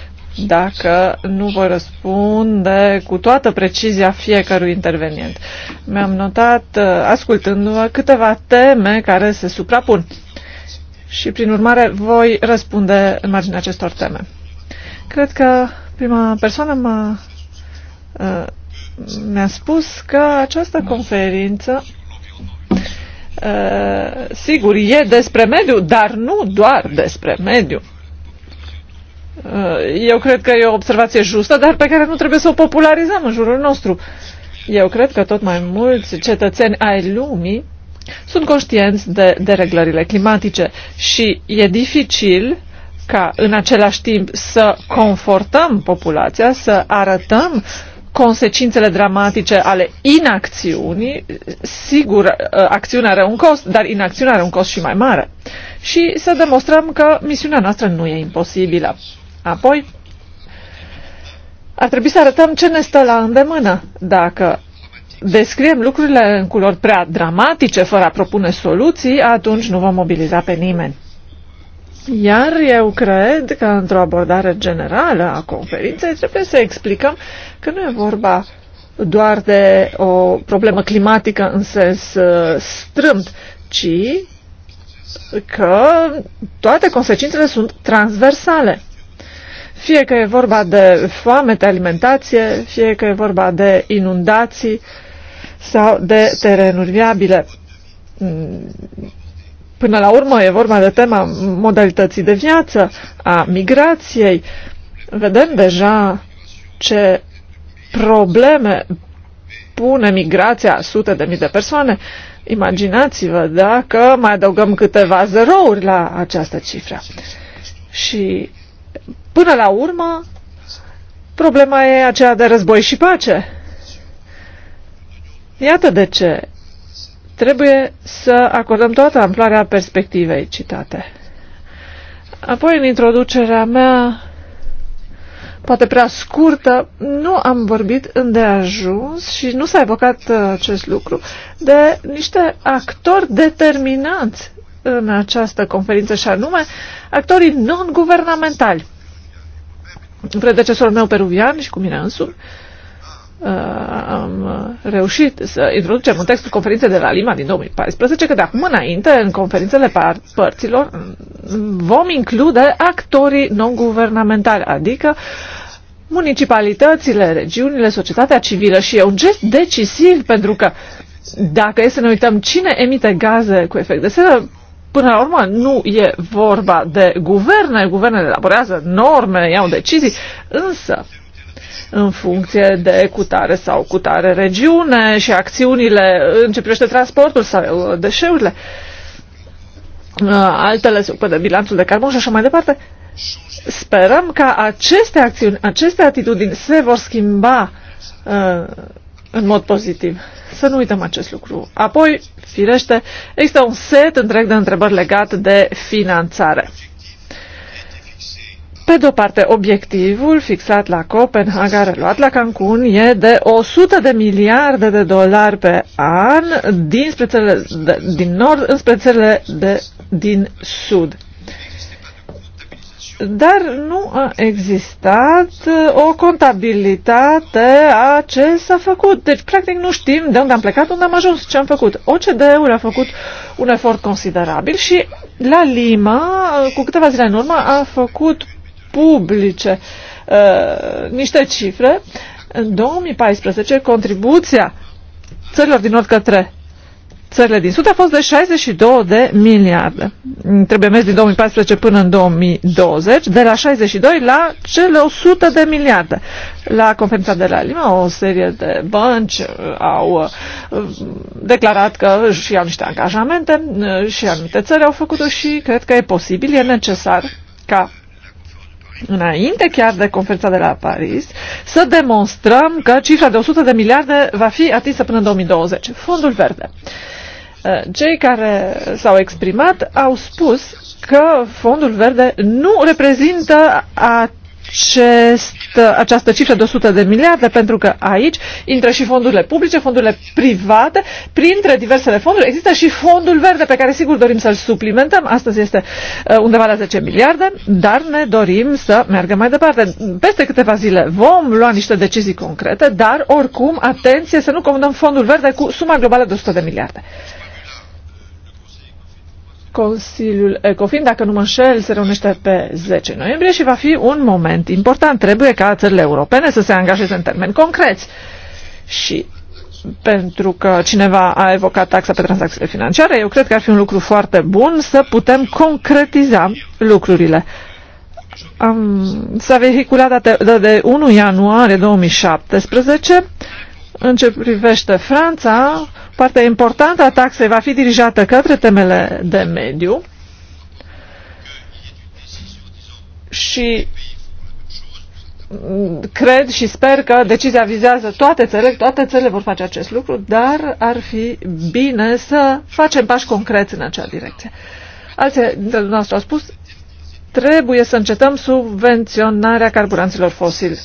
dacă nu vă răspunde cu toată precizia fiecărui intervenient. Mi-am notat, uh, ascultându-vă, câteva teme care se suprapun și, prin urmare, voi răspunde în marginea acestor teme. Cred că prima persoană m-a, uh, mi-a spus că această conferință Uh, sigur, e despre mediu, dar nu doar despre mediu. Uh, eu cred că e o observație justă, dar pe care nu trebuie să o popularizăm în jurul nostru. Eu cred că tot mai mulți cetățeni ai lumii sunt conștienți de dereglările climatice și e dificil ca în același timp să confortăm populația, să arătăm uh, consecințele dramatice ale inacțiunii. Sigur, uh, acțiunea are un cost, dar inacțiunea are un cost și mai mare. Și să demonstrăm că misiunea noastră nu e imposibilă. Apoi, ar trebui să arătăm ce ne stă la îndemână. Dacă descriem lucrurile în culori prea dramatice, fără a propune soluții, atunci nu vom mobiliza pe nimeni. Iar eu cred că într-o abordare generală a conferinței trebuie să explicăm că nu e vorba doar de o problemă climatică în sens uh, strâmt, ci că toate consecințele sunt transversale. Fie că e vorba de de alimentație, fie că e vorba de inundații sau de terenuri viabile mm, Până la urmă e vorba de tema modalității de viață, a migrației. Vedem deja ce probleme pune migrația a sute de mii de persoane. Imaginați-vă dacă mai adăugăm câteva zerouri la această cifră. Și până la urmă, problema e aceea de război și pace. Iată de ce Trebuie să acordăm toată amploarea perspectivei citate. Apoi, în introducerea mea, poate prea scurtă, nu am vorbit îndeajuns și nu s-a evocat uh, acest lucru de niște actori determinanți în această conferință și anume actorii non-guvernamentali. Predecesorul meu peruvian și cu mine însumi Uh, am uh, reușit să introducem în textul conferinței de la Lima din 2014 că de acum înainte, în conferințele părților, vom include actorii non-guvernamentali, adică municipalitățile, regiunile, societatea civilă și e un gest decisiv pentru că dacă e să ne uităm cine emite gaze cu efect de seră, Până la urmă, nu e vorba de guverne, guvernele elaborează norme, iau decizii, însă în funcție de cutare sau cutare regiune și acțiunile în ce privește transportul sau uh, deșeurile. Uh, altele se ocupă de bilanțul de carbon și așa mai departe. Sperăm că aceste acțiuni, aceste atitudini se vor schimba uh, în mod pozitiv. Să nu uităm acest lucru. Apoi, firește, există un set întreg de întrebări legate de finanțare. Pe de o parte, obiectivul fixat la Copenhaga, reluat la Cancun, e de 100 de miliarde de dolari pe an din, de, din nord înspre țările de, din sud. Dar nu a existat uh, o contabilitate a ce s-a făcut. Deci, practic, nu știm de unde am plecat, unde am ajuns, ce am făcut. OCDE-ul a făcut un efort considerabil și la Lima, uh, cu câteva zile în urmă, a făcut publice. Uh, niște cifre. În 2014, contribuția țărilor din nord către țările din sud a fost de 62 de miliarde. Trebuie mers din 2014 până în 2020, de la 62 la cele 100 de miliarde. La conferința de la Lima, o serie de bănci au uh, declarat că și-au niște angajamente uh, și anumite țări au făcut-o și cred că e posibil, e necesar ca înainte chiar de conferința de la Paris, să demonstrăm că cifra de 100 de miliarde va fi atinsă până în 2020. Fondul verde. Uh, cei care s-au exprimat au spus că fondul verde nu reprezintă atât acest, această cifră de 100 de miliarde, pentru că aici intră și fondurile publice, fondurile private, printre diversele fonduri există și fondul verde pe care sigur dorim să-l suplimentăm, astăzi este uh, undeva la 10 miliarde, dar ne dorim să meargă mai departe. Peste câteva zile vom lua niște decizii concrete, dar oricum, atenție să nu comandăm fondul verde cu suma globală de 100 de miliarde. Consiliul ECOFIN, dacă nu mă înșel, se reunește pe 10 noiembrie și va fi un moment important. Trebuie ca țările europene să se angajeze în termeni concreți. Și pentru că cineva a evocat taxa pe tranzacțiile financiare, eu cred că ar fi un lucru foarte bun să putem concretiza lucrurile. S-a vehiculat de, de 1 ianuarie 2017 în ce privește Franța, parte importantă a taxei va fi dirijată către temele de mediu și cred și sper că decizia vizează toate țările, toate țările vor face acest lucru, dar ar fi bine să facem pași concreți în acea direcție. Alții dintre dumneavoastră au spus, trebuie să încetăm subvenționarea carburanților fosili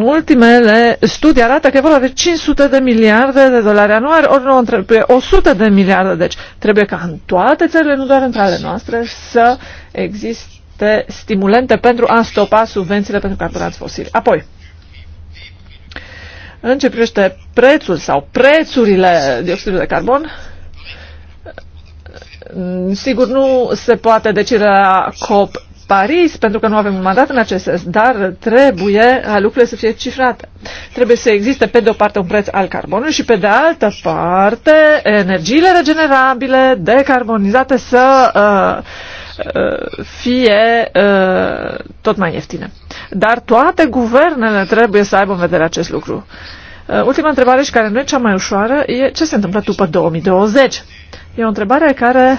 ultimele studii arată că e vorba de 500 de miliarde de dolari anuari, ori nu trebuie 100 de miliarde. Deci trebuie ca în toate țările, nu doar între ale noastre, să existe stimulente pentru a stopa subvențiile pentru carburanți fosili. Apoi, în ce privește prețul sau prețurile dioxidului de carbon, Sigur, nu se poate decide la COP Paris, pentru că nu avem un mandat în acest sens, dar trebuie lucrurile să fie cifrate. Trebuie să existe, pe de o parte, un preț al carbonului și, pe de altă parte, energiile regenerabile, decarbonizate, să uh, uh, fie uh, tot mai ieftine. Dar toate guvernele trebuie să aibă în vedere acest lucru. Uh, ultima întrebare și care nu e cea mai ușoară e ce se întâmplă după 2020. E o întrebare care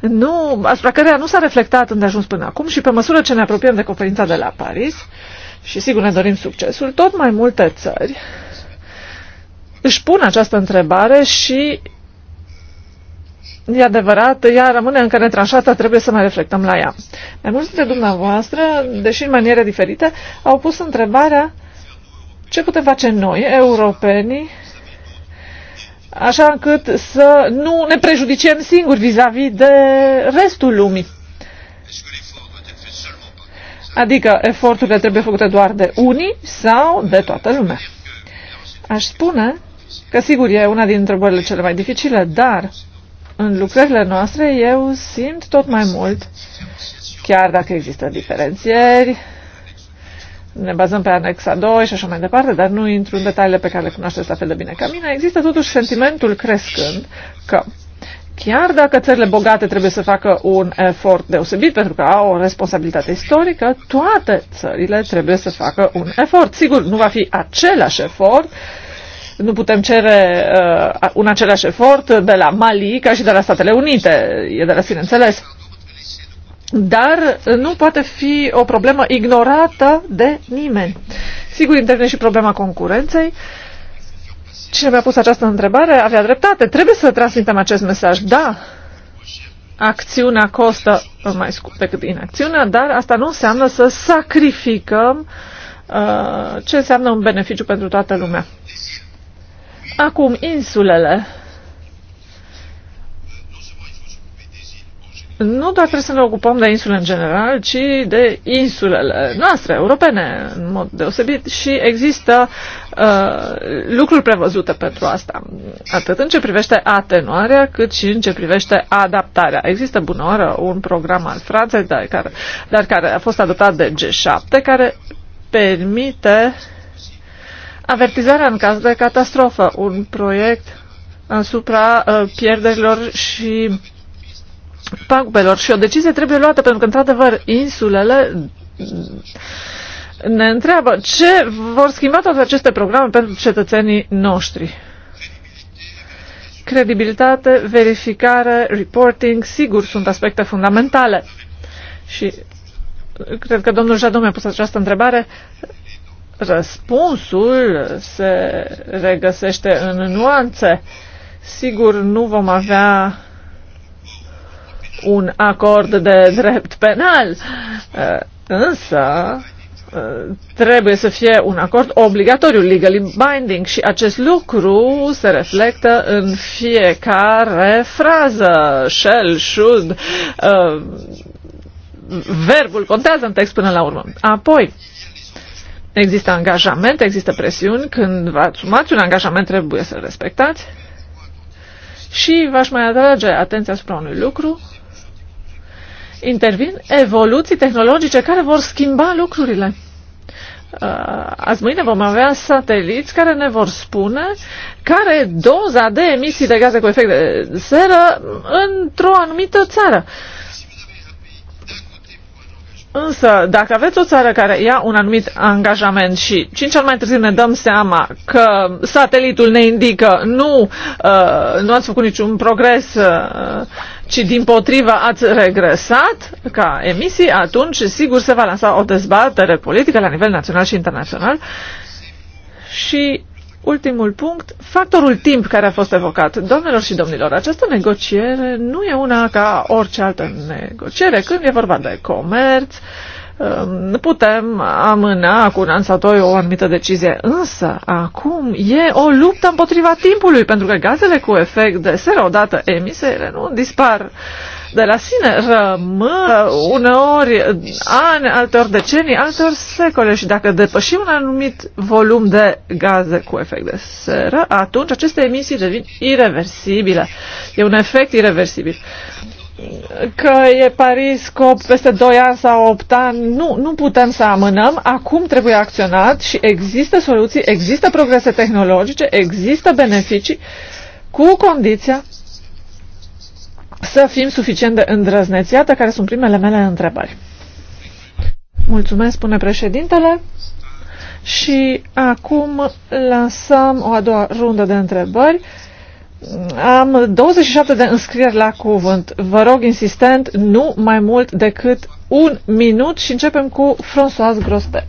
nu, asupra căreia nu s-a reflectat ajuns până acum și pe măsură ce ne apropiem de conferința de la Paris, și sigur ne dorim succesul, tot mai multe țări își pun această întrebare și e adevărat, ea rămâne încă netranșată, trebuie să mai reflectăm la ea. Mai mulți dintre dumneavoastră, deși în maniere diferite, au pus întrebarea ce putem face noi, europenii, așa încât să nu ne prejudicem singuri vis-a-vis -vis de restul lumii. Adică eforturile trebuie făcute doar de unii sau de toată lumea. Aș spune că, sigur, e una dintre întrebările cele mai dificile, dar în lucrările noastre eu simt tot mai mult, chiar dacă există diferențieri, ne bazăm pe anexa 2 și așa mai departe, dar nu intru în detaliile pe care le cunoașteți la fel de bine ca mine, există totuși sentimentul crescând că chiar dacă țările bogate trebuie să facă un efort deosebit pentru că au o responsabilitate istorică, toate țările trebuie să facă un efort. Sigur, nu va fi același efort, nu putem cere uh, un același efort de la Mali ca și de la Statele Unite, e de la sine înțeles dar nu poate fi o problemă ignorată de nimeni. Sigur, intervine și problema concurenței. Cine mi-a pus această întrebare avea dreptate. Trebuie să transmitem acest mesaj. Da, acțiunea costă mai scump decât inacțiunea, dar asta nu înseamnă să sacrificăm uh, ce înseamnă un beneficiu pentru toată lumea. Acum, insulele. nu doar trebuie să ne ocupăm de insule în general, ci de insulele noastre, europene, în mod deosebit, și există uh, lucruri prevăzute pentru asta, atât în ce privește atenuarea, cât și în ce privește adaptarea. Există bună oră un program al Franței, dar care, dar care a fost adoptat de G7, care permite avertizarea în caz de catastrofă, un proiect asupra uh, pierderilor și pagubelor și o decizie trebuie luată pentru că, într-adevăr, insulele ne întreabă ce vor schimba toate aceste programe pentru cetățenii noștri. Credibilitate, verificare, reporting, sigur, sunt aspecte fundamentale. Și cred că domnul Jadon mi-a pus această întrebare. Răspunsul se regăsește în nuanțe. Sigur, nu vom avea un acord de drept penal, eh, însă eh, trebuie să fie un acord obligatoriu, legally binding, și acest lucru se reflectă în fiecare frază, shall, should, uh, verbul contează în text până la urmă. Apoi, există angajament, există presiuni, când vă asumați un angajament trebuie să-l respectați și v-aș mai atrage atenția asupra unui lucru, intervin evoluții tehnologice care vor schimba lucrurile. Uh, azi mâine vom avea sateliți care ne vor spune care doza de emisii de gaze cu efect de seră într-o anumită țară. Uh, Însă, dacă aveți o țară care ia un anumit angajament și cinci ani mai târziu ne dăm seama că satelitul ne indică nu, uh, nu ați făcut niciun progres, uh, ci din potrivă ați regresat ca emisii, atunci sigur se va lansa o dezbatere politică la nivel național și internațional și Ultimul punct, factorul timp care a fost evocat. Domnilor și domnilor, această negociere nu e una ca orice altă negociere. Când e vorba de comerț, um, putem amâna cu un an sau doi o anumită decizie. Însă, acum e o luptă împotriva timpului, pentru că gazele cu efect de seră odată emise, ele nu dispar de la sine rămân uneori ani, alteori decenii, alteori secole și dacă depășim un anumit volum de gaze cu efect de seră, atunci aceste emisii devin irreversibile. E un efect irreversibil. Că e Paris COP peste 2 ani sau 8 ani, nu, nu putem să amânăm, acum trebuie acționat și există soluții, există progrese tehnologice, există beneficii cu condiția să fim suficient de îndrăzneți. Iată care sunt primele mele întrebări. Mulțumesc, spune președintele. Și acum lansăm o a doua rundă de întrebări. Am 27 de înscrieri la cuvânt. Vă rog insistent, nu mai mult decât un minut și începem cu François Grospet.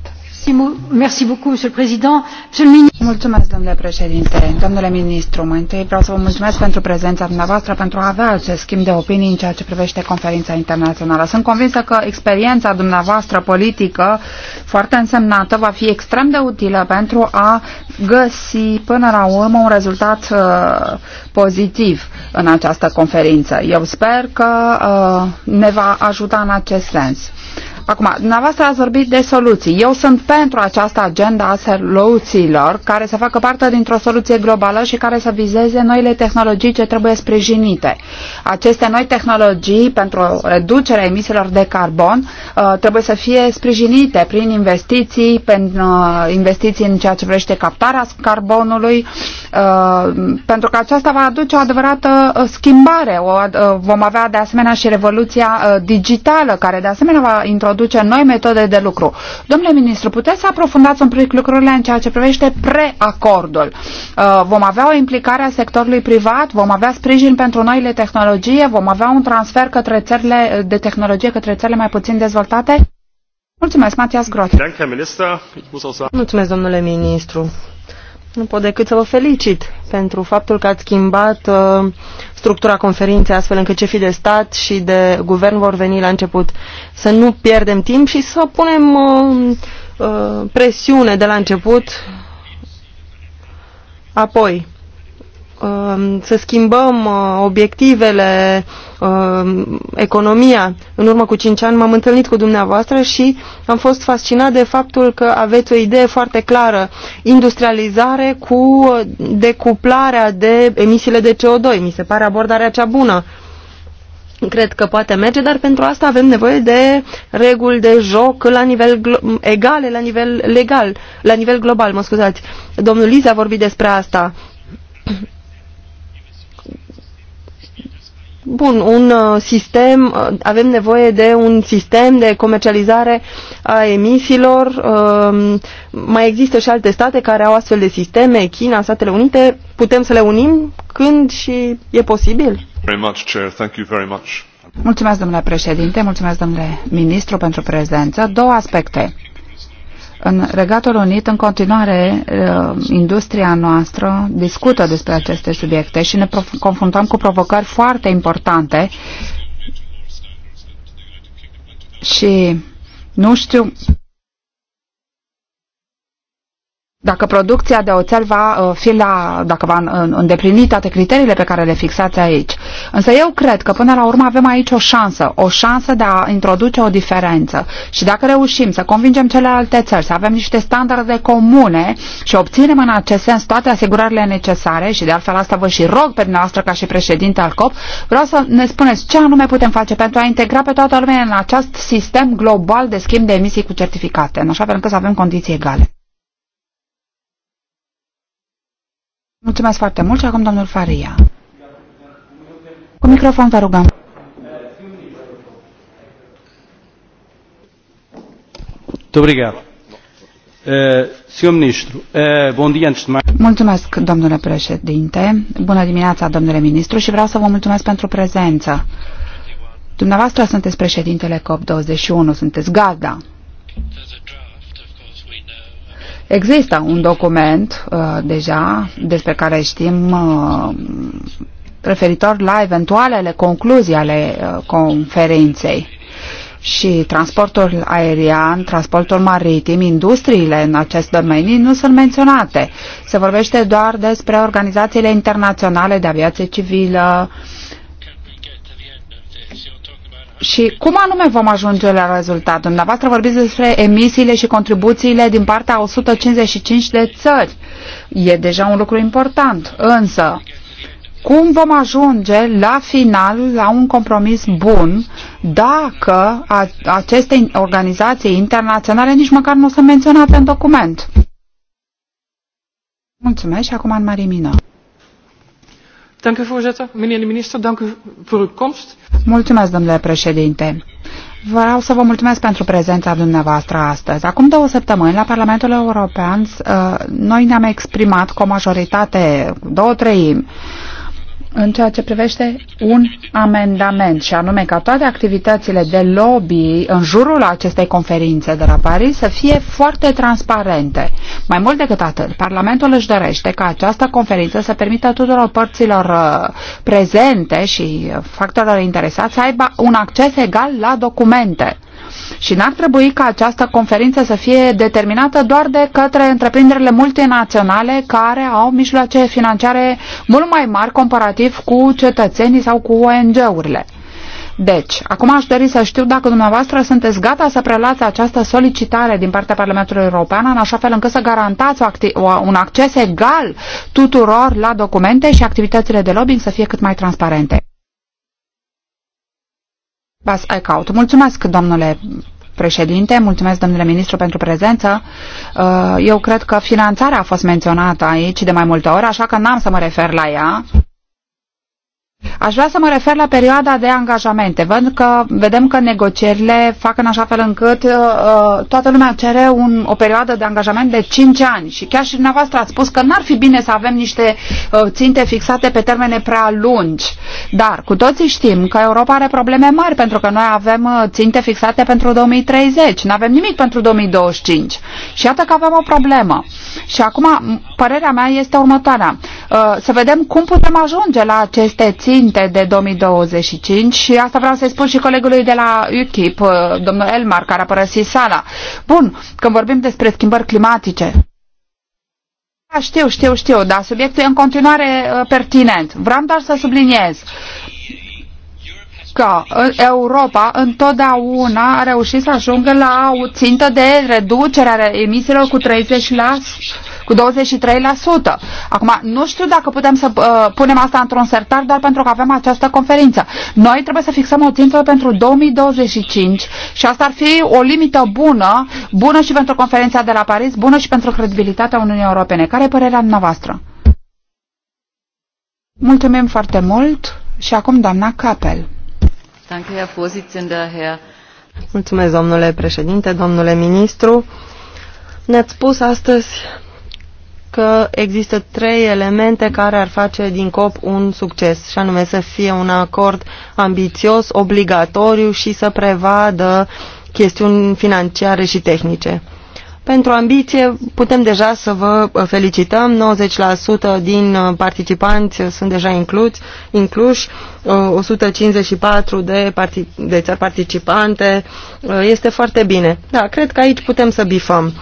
Mulțumesc, domnule președinte domnule ministru mai întâi vreau să vă mulțumesc pentru prezența dumneavoastră pentru a avea acest schimb de opinii în ceea ce privește conferința internațională. Sunt convinsă că experiența dumneavoastră politică foarte însemnată va fi extrem de utilă pentru a găsi până la urmă un rezultat uh, pozitiv în această conferință. Eu sper că uh, ne va ajuta în acest sens. Acum, dumneavoastră ați vorbit de soluții. Eu sunt pentru această agenda a soluțiilor care să facă parte dintr-o soluție globală și care să vizeze noile tehnologii ce trebuie sprijinite. Aceste noi tehnologii pentru reducerea emisiilor de carbon uh, trebuie să fie sprijinite prin investiții, prin uh, investiții în ceea ce vrește captarea carbonului, uh, pentru că aceasta va aduce o adevărată uh, schimbare. O, uh, vom avea de asemenea și revoluția uh, digitală, care de asemenea va introduce introduce noi metode de lucru. Domnule ministru, puteți să aprofundați un pic lucrurile în ceea ce privește preacordul. Uh, vom avea o implicare a sectorului privat, vom avea sprijin pentru noile tehnologie, vom avea un transfer către țările de tehnologie către țările mai puțin dezvoltate? Mulțumesc, Matias Groth. Mulțumesc, domnule ministru. Nu pot decât să vă felicit pentru faptul că ați schimbat uh, structura conferinței astfel încât cefii de stat și de guvern vor veni la început. Să nu pierdem timp și să punem uh, uh, presiune de la început. Apoi, Um, să schimbăm uh, obiectivele, um, economia. În urmă cu 5 ani m-am întâlnit cu dumneavoastră și am fost fascinat de faptul că aveți o idee foarte clară, industrializare cu decuplarea de emisiile de CO2. Mi se pare abordarea cea bună. Cred că poate merge, dar pentru asta avem nevoie de reguli de joc la nivel egale, la nivel legal, la nivel global, mă scuzați. Domnul Liza a vorbit despre asta Bun, un uh, sistem, uh, avem nevoie de un sistem de comercializare a emisiilor. Um, mai există și alte state care au astfel de sisteme, China, Statele Unite. Putem să le unim când și e posibil? Mulțumesc, domnule președinte, mulțumesc, domnule ministru, pentru prezență. Două aspecte. În Regatul Unit, în continuare, uh, industria noastră discută despre aceste subiecte și ne confruntăm cu provocări foarte importante și nu știu dacă producția de oțel va uh, fi la, dacă va uh, îndeplini toate criteriile pe care le fixați aici. Însă eu cred că până la urmă avem aici o șansă, o șansă de a introduce o diferență. Și dacă reușim să convingem celelalte țări să avem niște standarde comune și obținem în acest sens toate asigurările necesare și de altfel asta vă și rog pe dumneavoastră ca și președinte al COP, vreau să ne spuneți ce anume putem face pentru a integra pe toată lumea în acest sistem global de schimb de emisii cu certificate, în așa fel încât să avem condiții egale. Mulțumesc foarte mult și acum domnul Faria. Cu microfon vă rugăm. Eh, eh, mulțumesc, domnule președinte. Bună dimineața, domnule ministru, și vreau să vă mulțumesc pentru prezență. Dumneavoastră sunteți președintele COP21, sunteți gazda Există un document uh, deja despre care știm uh, referitor la eventualele concluzii ale uh, conferinței și transportul aerian, transportul maritim, industriile în acest domeniu nu sunt menționate. Se vorbește doar despre organizațiile internaționale de aviație civilă, uh, și cum anume vom ajunge la rezultat? Dumneavoastră vorbiți despre emisiile și contribuțiile din partea 155 de țări. E deja un lucru important, însă cum vom ajunge la final la un compromis bun dacă aceste organizații internaționale nici măcar nu sunt menționate în document? Mulțumesc și acum în marie Mulțumesc, domnule președinte. Vreau să vă mulțumesc pentru prezența dumneavoastră astăzi. Acum două săptămâni, la Parlamentul European, uh, noi ne-am exprimat cu o majoritate, două treimi, în ceea ce privește un amendament și anume ca toate activitățile de lobby în jurul acestei conferințe de la Paris să fie foarte transparente. Mai mult decât atât, Parlamentul își dorește ca această conferință să permită tuturor părților uh, prezente și uh, factorilor interesați să aibă un acces egal la documente. Și n-ar trebui ca această conferință să fie determinată doar de către întreprinderile multinaționale care au mijloace financiare mult mai mari comparativ cu cetățenii sau cu ONG-urile. Deci, acum aș dori să știu dacă dumneavoastră sunteți gata să preluați această solicitare din partea Parlamentului European în așa fel încât să garantați un acces egal tuturor la documente și activitățile de lobbying să fie cât mai transparente. Bas Aicaut. Mulțumesc, domnule președinte, mulțumesc, domnule ministru, pentru prezență. Uh, eu cred că finanțarea a fost menționată aici de mai multe ori, așa că n-am să mă refer la ea. Aș vrea să mă refer la perioada de angajamente. Văd că, vedem că negocierile fac în așa fel încât uh, uh toată lumea cere un, o perioadă de angajament de 5 ani și chiar și dumneavoastră ați spus că n-ar fi bine să avem niște uh, ținte fixate pe termene prea lungi. Dar cu toții știm că Europa are probleme mari pentru că noi avem uh, ținte fixate pentru 2030, nu avem nimic pentru 2025. Și iată că avem o problemă. Și acum părerea mea este următoarea. Uh, să vedem cum putem ajunge la aceste ținte ținte de 2025 și asta vreau să-i spun și colegului de la UKIP, uh, domnul Elmar, care a părăsit sala. Bun, când vorbim despre schimbări climatice, da, știu, știu, știu, dar subiectul e în continuare uh, pertinent. Vreau doar să subliniez că Europa întotdeauna a reușit să ajungă la o țintă de reducere a emisiilor cu 30 la, cu 23%. Acum, nu știu dacă putem să uh, punem asta într-un sertar doar pentru că avem această conferință. Noi trebuie să fixăm o țintă pentru 2025 și asta ar fi o limită bună, bună și pentru conferința de la Paris, bună și pentru credibilitatea Uniunii Europene. Care e părerea noastră? Mulțumim foarte mult și acum doamna Capel. Mulțumesc, domnule președinte, domnule ministru. Ne-ați spus astăzi că există trei elemente care ar face din COP un succes, și anume să fie un acord ambițios, obligatoriu și să prevadă chestiuni financiare și tehnice. Pentru ambiție putem deja să vă uh, felicităm, 90% din uh, participanți sunt deja incluți, incluși, 154 uh, de, parti, de țări participante, este foarte bine. Da, cred că aici putem să bifăm.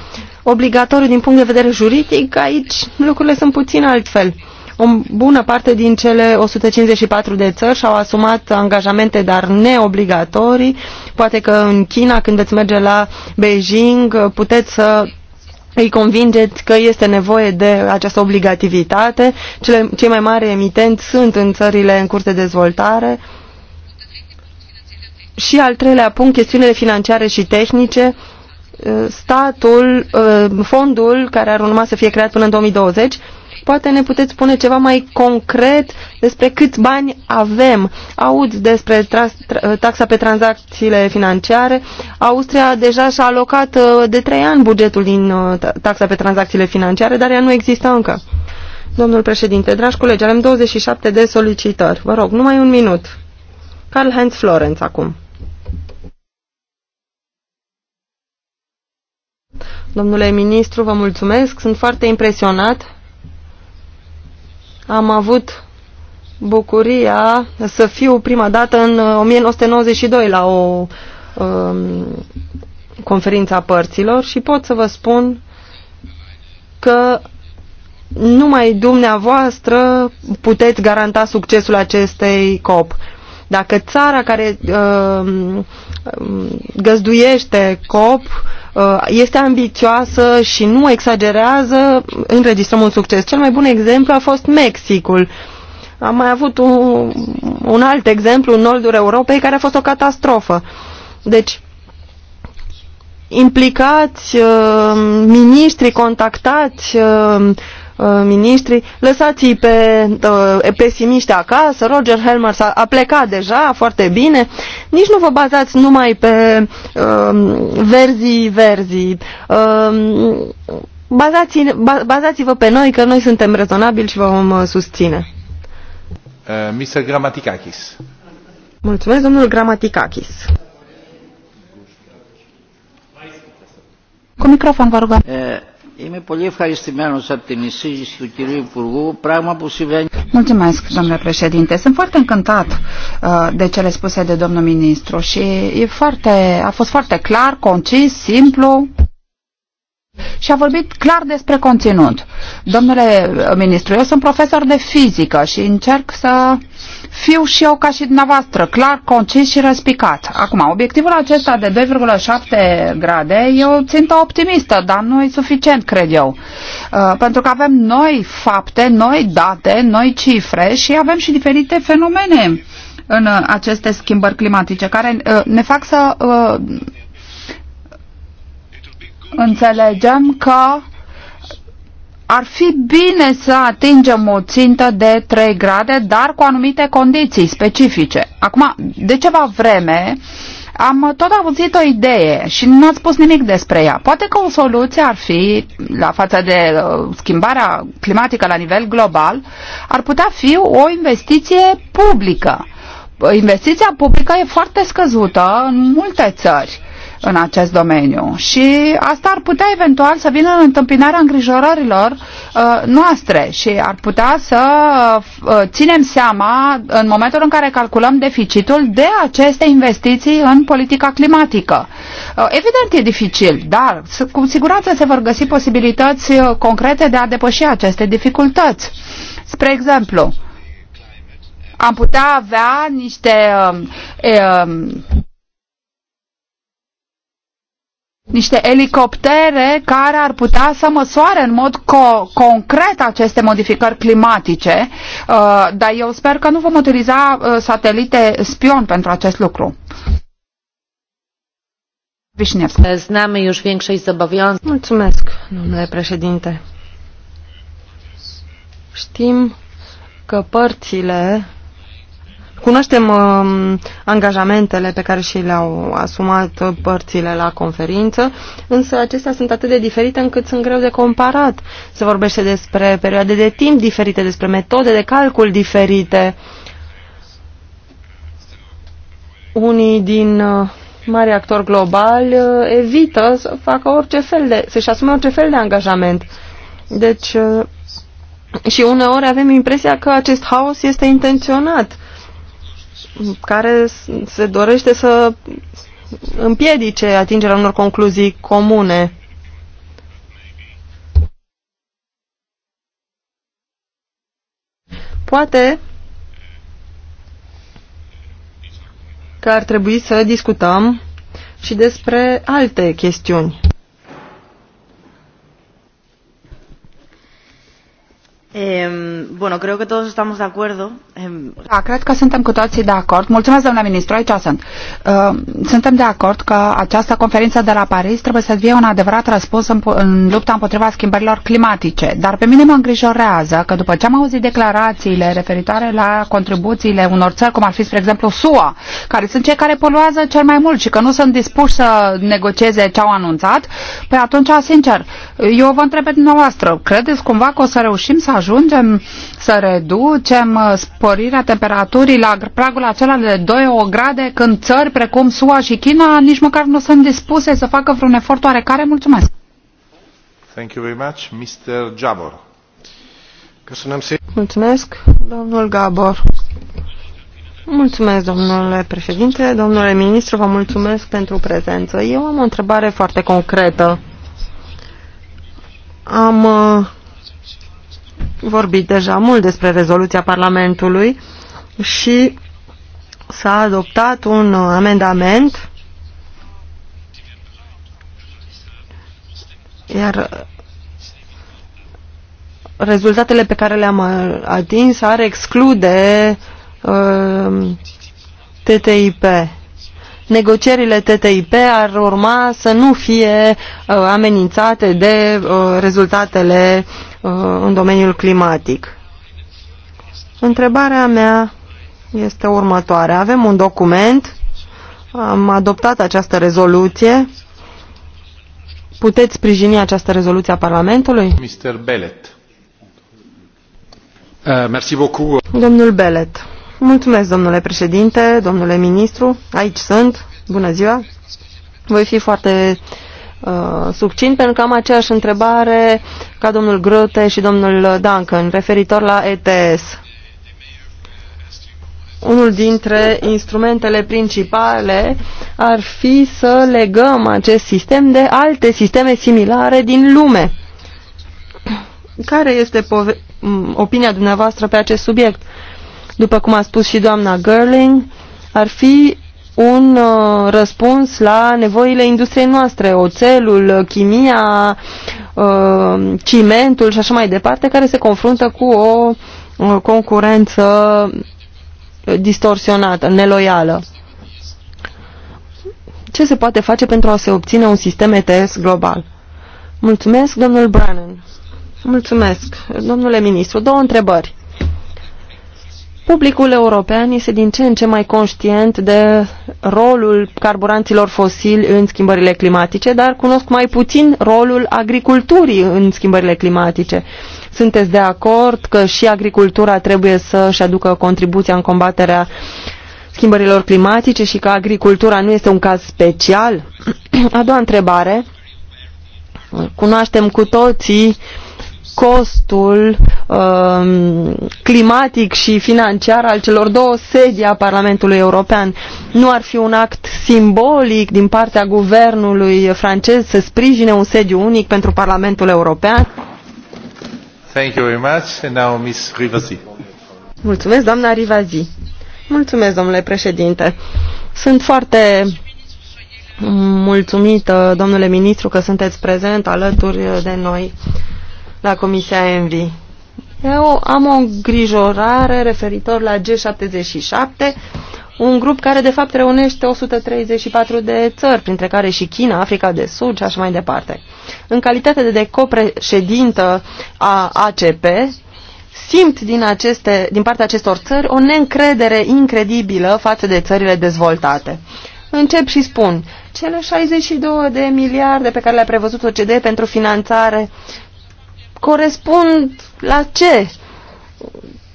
Obligatoriu din punct de vedere juridic, aici lucrurile sunt puțin altfel. O bună parte din cele 154 de țări și-au asumat angajamente, dar neobligatorii. Poate că în China, când veți merge la Beijing, puteți să îi convingeți că este nevoie de această obligativitate. Cele, cei mai mari emitenți sunt în țările în curs de dezvoltare. Și al treilea punct, chestiunile financiare și tehnice statul, ă, fondul care ar urma să fie creat până în 2020 Poate ne puteți spune ceva mai concret despre cât bani avem. Aud despre taxa pe tranzacțiile financiare. Austria deja și-a alocat uh, de trei ani bugetul din uh, taxa pe tranzacțiile financiare, dar ea nu există încă. Domnul președinte, dragi colegi, avem 27 de solicitări. Vă rog, numai un minut. Carl heinz Florenz acum. Domnule ministru, vă mulțumesc. Sunt foarte impresionat am avut bucuria să fiu prima dată în 1992 uh, la o um, conferință a părților și pot să vă spun că numai dumneavoastră puteți garanta succesul acestei COP. Dacă țara care uh, um, găzduiește COP Uh, este ambițioasă și nu exagerează, înregistrăm un succes. Cel mai bun exemplu a fost Mexicul. Am mai avut un, un alt exemplu în nordul Europei care a fost o catastrofă. Deci, implicați, uh, miniștri contactați, uh, Uh, miniștri, lăsați-i pe uh, pesimiști acasă, Roger Helmer a, a plecat deja foarte bine, nici nu vă bazați numai pe uh, verzii, verzii. Uh, bazați, vă bazați-vă pe noi că noi suntem rezonabili și vă vom uh, susține. Uh, Mr. Gramaticakis. Mulțumesc, domnul Gramaticakis. Cu microfon, vă rugăm. Uh. Είμαι πολύ ευχαριστημένος από την εισήγηση του κυρίου Υπουργού, πράγμα που συμβαίνει... Mulțumesc, domnule președinte. Sunt foarte încântat uh, de cele spuse de domnul ministru și e foarte, a fost foarte clar, concis, simplu și a vorbit clar despre conținut. Domnule uh, ministru, eu sunt profesor de fizică și încerc să fiu și eu ca și dumneavoastră, clar, concis și răspicat. Acum, obiectivul acesta de 2,7 grade e o țintă optimistă, dar nu e suficient, cred eu. Uh, pentru că avem noi fapte, noi date, noi cifre și avem și diferite fenomene în uh, aceste schimbări climatice, care uh, ne fac să înțelegem că ar fi bine să atingem o țintă de 3 grade, dar cu anumite condiții specifice. Acum, de ceva vreme, am tot auzit o idee și nu ați spus nimic despre ea. Poate că o soluție ar fi, la fața de uh, schimbarea climatică la nivel global, ar putea fi o investiție publică. Investiția publică e foarte scăzută în multe țări în acest domeniu. Și asta ar putea eventual să vină în întâmpinarea îngrijorărilor uh, noastre și ar putea să uh, ținem seama în momentul în care calculăm deficitul de aceste investiții în politica climatică. Uh, evident e dificil, dar cu siguranță se vor găsi posibilități uh, concrete de a depăși aceste dificultăți. Spre exemplu, am putea avea niște uh, uh, niște elicoptere care ar putea să măsoare în mod co- concret aceste modificări climatice, uh, dar eu sper că nu vom utiliza uh, satelite spion pentru acest lucru. Mulțumesc, domnule președinte. Știm că părțile Cunoaștem uh, angajamentele pe care și le-au asumat părțile la conferință, însă acestea sunt atât de diferite încât sunt greu de comparat. Se vorbește despre perioade de timp diferite, despre metode de calcul diferite. Unii din uh, mari actori globali uh, evită să facă orice fel de, să-și asume orice fel de angajament. Deci, uh, și uneori avem impresia că acest haos este intenționat. Uh, care se dorește să împiedice atingerea unor concluzii comune. Poate că ar trebui să discutăm și despre alte chestiuni. Bună, bueno, creo que todos estamos de acuerdo. Da, cred că suntem cu toții de acord. Mulțumesc, domnule ministru, aici sunt. suntem de acord că această conferință de la Paris trebuie să fie un adevărat răspuns în, în lupta împotriva schimbărilor climatice. Dar pe mine mă îngrijorează că după ce am auzit declarațiile referitoare la contribuțiile unor țări, cum ar fi, spre exemplu, SUA, care sunt cei care poluează cel mai mult și că nu sunt dispuși să negocieze ce au anunțat, pe atunci, sincer, eu vă întreb pe dumneavoastră, credeți cumva că o să reușim să ajungem să reducem uh, sporirea temperaturii la pragul acela de 2 o grade când țări precum SUA și China nici măcar nu sunt dispuse să facă vreun efort oarecare? Mulțumesc! Thank you very much, Mr. Jabor. Mulțumesc, domnul Gabor. Mulțumesc, domnule președinte, domnule ministru, vă mulțumesc pentru prezență. Eu am o întrebare foarte concretă. Am uh, vorbit deja mult despre rezoluția Parlamentului și s-a adoptat un amendament iar rezultatele pe care le-am atins ar exclude uh, TTIP. Negocierile TTIP ar urma să nu fie uh, amenințate de uh, rezultatele uh, Uh, în domeniul climatic. Întrebarea mea este următoarea. Avem un document, am adoptat această rezoluție. Puteți sprijini această rezoluție a Parlamentului? Mr. Bellet. Uh, merci beaucoup. Domnul Bellet. Mulțumesc, domnule președinte, domnule ministru. Aici sunt. Bună ziua. Voi fi foarte uh, Uh, succint, pentru că am aceeași întrebare ca domnul Grote și domnul Duncan, referitor la ETS. Unul dintre instrumentele principale ar fi să legăm acest sistem de alte sisteme similare din lume. Care este opinia dumneavoastră pe acest subiect? După cum a spus și doamna Gerling, ar fi un uh, răspuns la nevoile industriei noastre, oțelul, chimia, uh, cimentul și așa mai departe, care se confruntă cu o concurență distorsionată, neloială. Ce se poate face pentru a se obține un sistem ETS global? Mulțumesc, domnul Brannan. Mulțumesc, domnule ministru. Două întrebări. Publicul european este din ce în ce mai conștient de rolul carburanților fosili în schimbările climatice, dar cunosc mai puțin rolul agriculturii în schimbările climatice. Sunteți de acord că și agricultura trebuie să-și aducă contribuția în combaterea schimbărilor climatice și că agricultura nu este un caz special? A doua întrebare. Cunoaștem cu toții uh, costul um, climatic și financiar al celor două sedii a Parlamentului European. Nu ar fi un act simbolic din partea guvernului francez să sprijine un sediu unic pentru Parlamentul European? Thank you very much. And now Ms. Rivazi. Mulțumesc, doamna Rivazi. Mulțumesc, domnule președinte. Sunt foarte mulțumită, domnule ministru, că sunteți prezent alături de noi la Comisia Envi. Eu am o îngrijorare referitor la G77, un grup care de fapt reunește 134 de țări, printre care și China, Africa de Sud și așa mai departe. În calitate de copreședintă a ACP, simt din, aceste, din partea acestor țări o neîncredere incredibilă față de țările dezvoltate. Încep și spun, cele 62 de miliarde pe care le-a prevăzut OCDE pentru finanțare corespund la ce?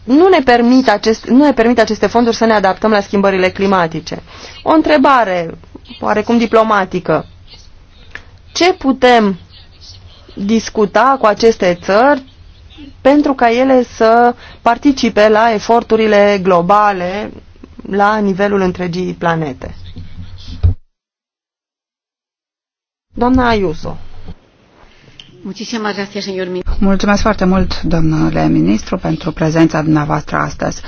Nu ne, permit acest, nu ne permit aceste fonduri să ne adaptăm la schimbările climatice. O întrebare oarecum diplomatică. Ce putem discuta cu aceste țări pentru ca ele să participe la eforturile globale la nivelul întregii planete. Doamna Ayuso. Mulțumesc foarte mult, domnule ministru, pentru prezența dumneavoastră astăzi.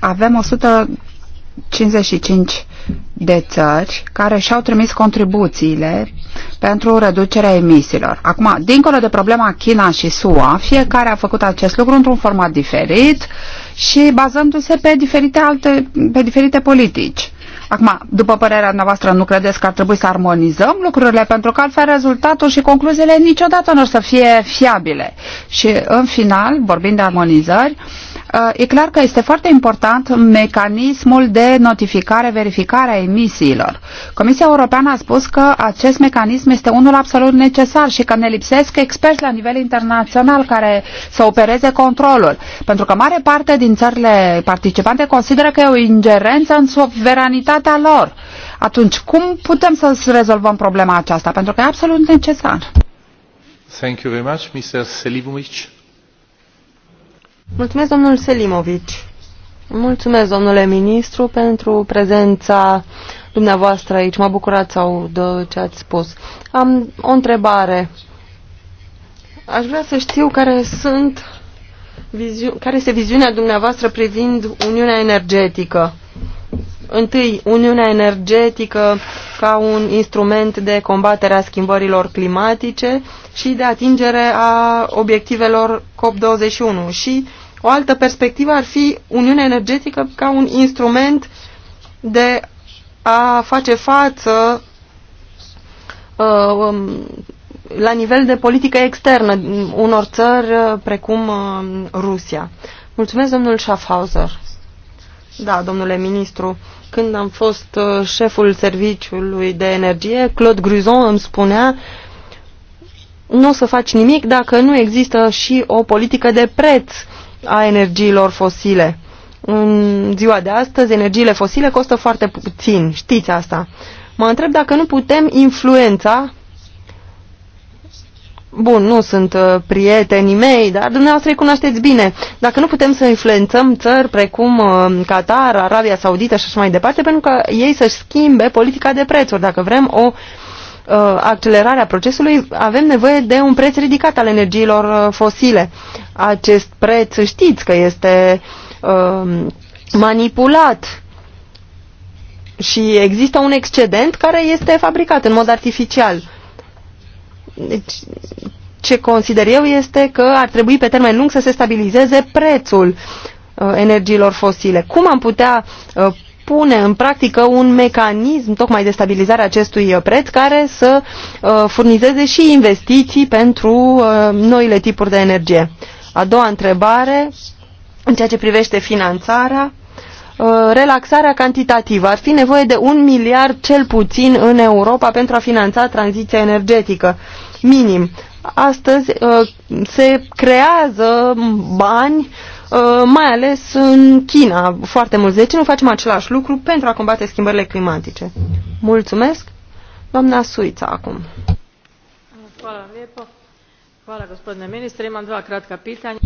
Avem 155 de țări care și-au trimis contribuțiile pentru reducerea emisiilor. Acum, dincolo de problema China și SUA, fiecare a făcut acest lucru într-un format diferit și bazându-se pe diferite, alte, pe diferite politici. Acum, după părerea noastră, nu credeți că ar trebui să armonizăm lucrurile, pentru că altfel rezultatul și concluziile niciodată nu o să fie fiabile. Și, în final, vorbind de armonizări, uh, Uh, e clar că este foarte important mecanismul de notificare, verificare a emisiilor. Comisia Europeană a spus că acest mecanism este unul absolut necesar și că ne lipsesc experți la nivel internațional care să opereze controlul, pentru că mare parte din țările participante consideră că e o ingerență în suveranitatea lor. Atunci, cum putem să rezolvăm problema aceasta? Pentru că e absolut necesar. Thank you very much, Mr. Selimovic. Mulțumesc, domnul Selimovic. Mulțumesc, domnule ministru, pentru prezența dumneavoastră aici. M-a bucurat să aud uh, ce ați spus. Am o întrebare. Aș vrea să știu care sunt care este viziunea dumneavoastră privind Uniunea Energetică. Întâi, Uniunea Energetică ca un instrument de combatere a schimbărilor climatice și de atingere a obiectivelor COP21. Și o altă perspectivă ar fi Uniunea Energetică ca un instrument de a face față uh, um, la nivel de politică externă unor țări uh, precum uh, Rusia. Mulțumesc, domnul Schaffhauser. Da, domnule ministru, când am fost uh, șeful serviciului de energie, Claude Gruzon îmi spunea nu o să faci nimic dacă nu există și o politică de preț a energiilor fosile. În ziua de astăzi, energiile fosile costă foarte puțin, știți asta. Mă întreb dacă nu putem influența Bun, nu sunt uh, prietenii mei, dar dumneavoastră îi cunoașteți bine. Dacă nu putem să influențăm țări precum uh, Qatar, Arabia Saudită și așa mai departe, pentru că ei să-și schimbe politica de prețuri. Dacă vrem o uh, accelerare a procesului, avem nevoie de un preț ridicat al energiilor fosile. Acest preț știți că este manipulat și există un excedent care este fabricat în mod artificial deci, ce consider eu este că ar trebui pe termen lung să se stabilizeze prețul uh, energiilor fosile. Cum am putea uh, pune în practică un mecanism tocmai de stabilizare a acestui uh, preț care să furnizeze și investiții pentru noile tipuri de energie. A doua întrebare, în ceea ce privește finanțarea, Uh, relaxarea cantitativă. Ar fi nevoie de un miliard cel puțin în Europa pentru a finanța tranziția energetică. Minim. Astăzi uh, se creează bani, uh, mai ales în China, foarte mulți. De ce nu facem același lucru pentru a combate schimbările climatice? Mulțumesc. Doamna Suița acum. Hvala lijepo. Hvala gospodine ministre. Imam dva kratka pitanja.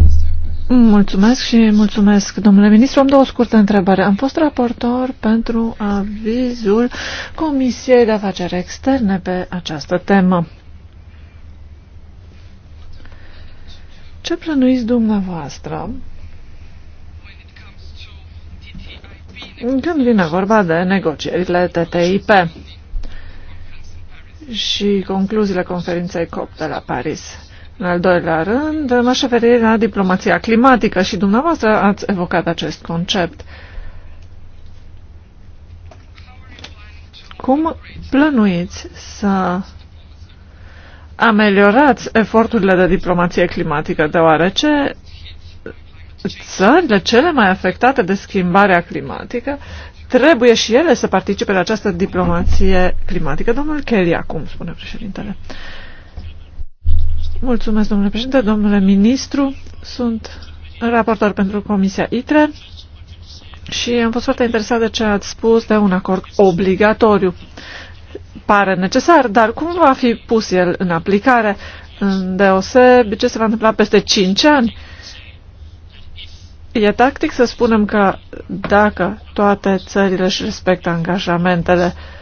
Mulțumesc și mulțumesc, domnule ministru. Am două scurte întrebări. Am fost raportor pentru avizul Comisiei de Afaceri Externe pe această temă. Ce plănuiți dumneavoastră când vine vorba de negocierile TTIP și concluziile conferinței COP de la Paris? În al doilea rând, m-aș referi la diplomația climatică și dumneavoastră ați evocat acest concept. Cum plănuiți să ameliorați eforturile de diplomație climatică, deoarece țările cele mai afectate de schimbarea climatică trebuie și ele să participe la această diplomație climatică. Domnul Kelly acum, spune președintele. Uh, Mulțumesc, domnule președinte, domnule ministru. Sunt raportor pentru Comisia ITRE și am fost foarte interesat de ce ați spus de un acord obligatoriu. Pare necesar, dar cum va fi pus el în aplicare? Deoseb, ce se va întâmpla peste 5 ani? E tactic să spunem că dacă toate țările își respectă angajamentele uh,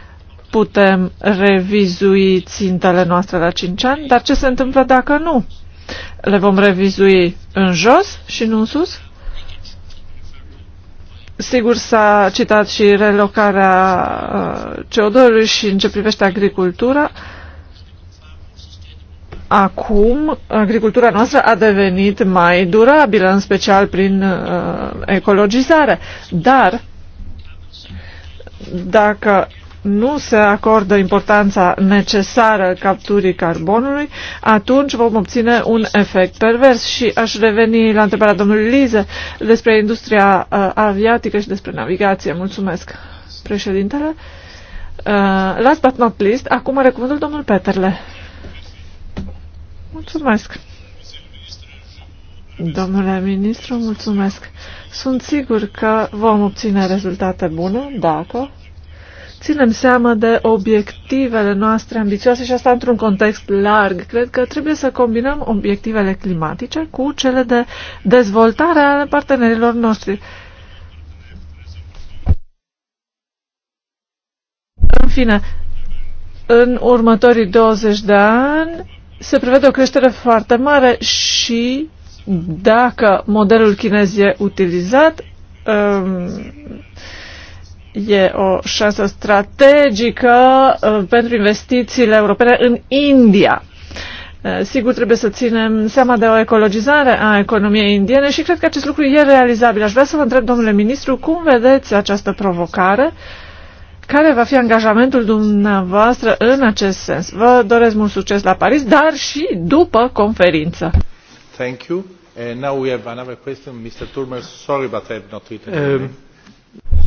putem revizui țintele noastre la 5 ani, dar ce se întâmplă dacă nu? Le vom revizui în jos și nu în sus? Sigur, s-a citat și relocarea uh, CO2-ului și în ce privește agricultura. Acum, agricultura noastră a devenit mai durabilă, în special prin uh, ecologizare. Dar, dacă nu se acordă importanța necesară capturii carbonului, atunci vom obține un efect pervers. Și aș reveni la întrebarea domnului Lize despre industria uh, aviatică și despre navigație. Mulțumesc, președintele. Uh, last but not least, acum are domnul Peterle. Mulțumesc. Domnule ministru, mulțumesc. Sunt sigur că vom obține rezultate bune dacă ținem seama de obiectivele noastre ambițioase și asta într-un context larg. Cred că trebuie să combinăm obiectivele climatice cu cele de dezvoltare ale partenerilor noștri. În fine, în următorii 20 de ani se prevede o creștere foarte mare și dacă modelul chinez e utilizat, um, E o șansă strategică uh, pentru investițiile europene în India. Uh, sigur, trebuie să ținem seama de o ecologizare a economiei indiene și cred că acest lucru e realizabil. Aș vrea să vă întreb, domnule ministru, cum vedeți această provocare? Care va fi angajamentul dumneavoastră în acest sens? Vă doresc mult succes la Paris, dar și după conferință. Thank you. Uh, now we have another question, Mr. Turmer. Sorry, but I have not written. uh,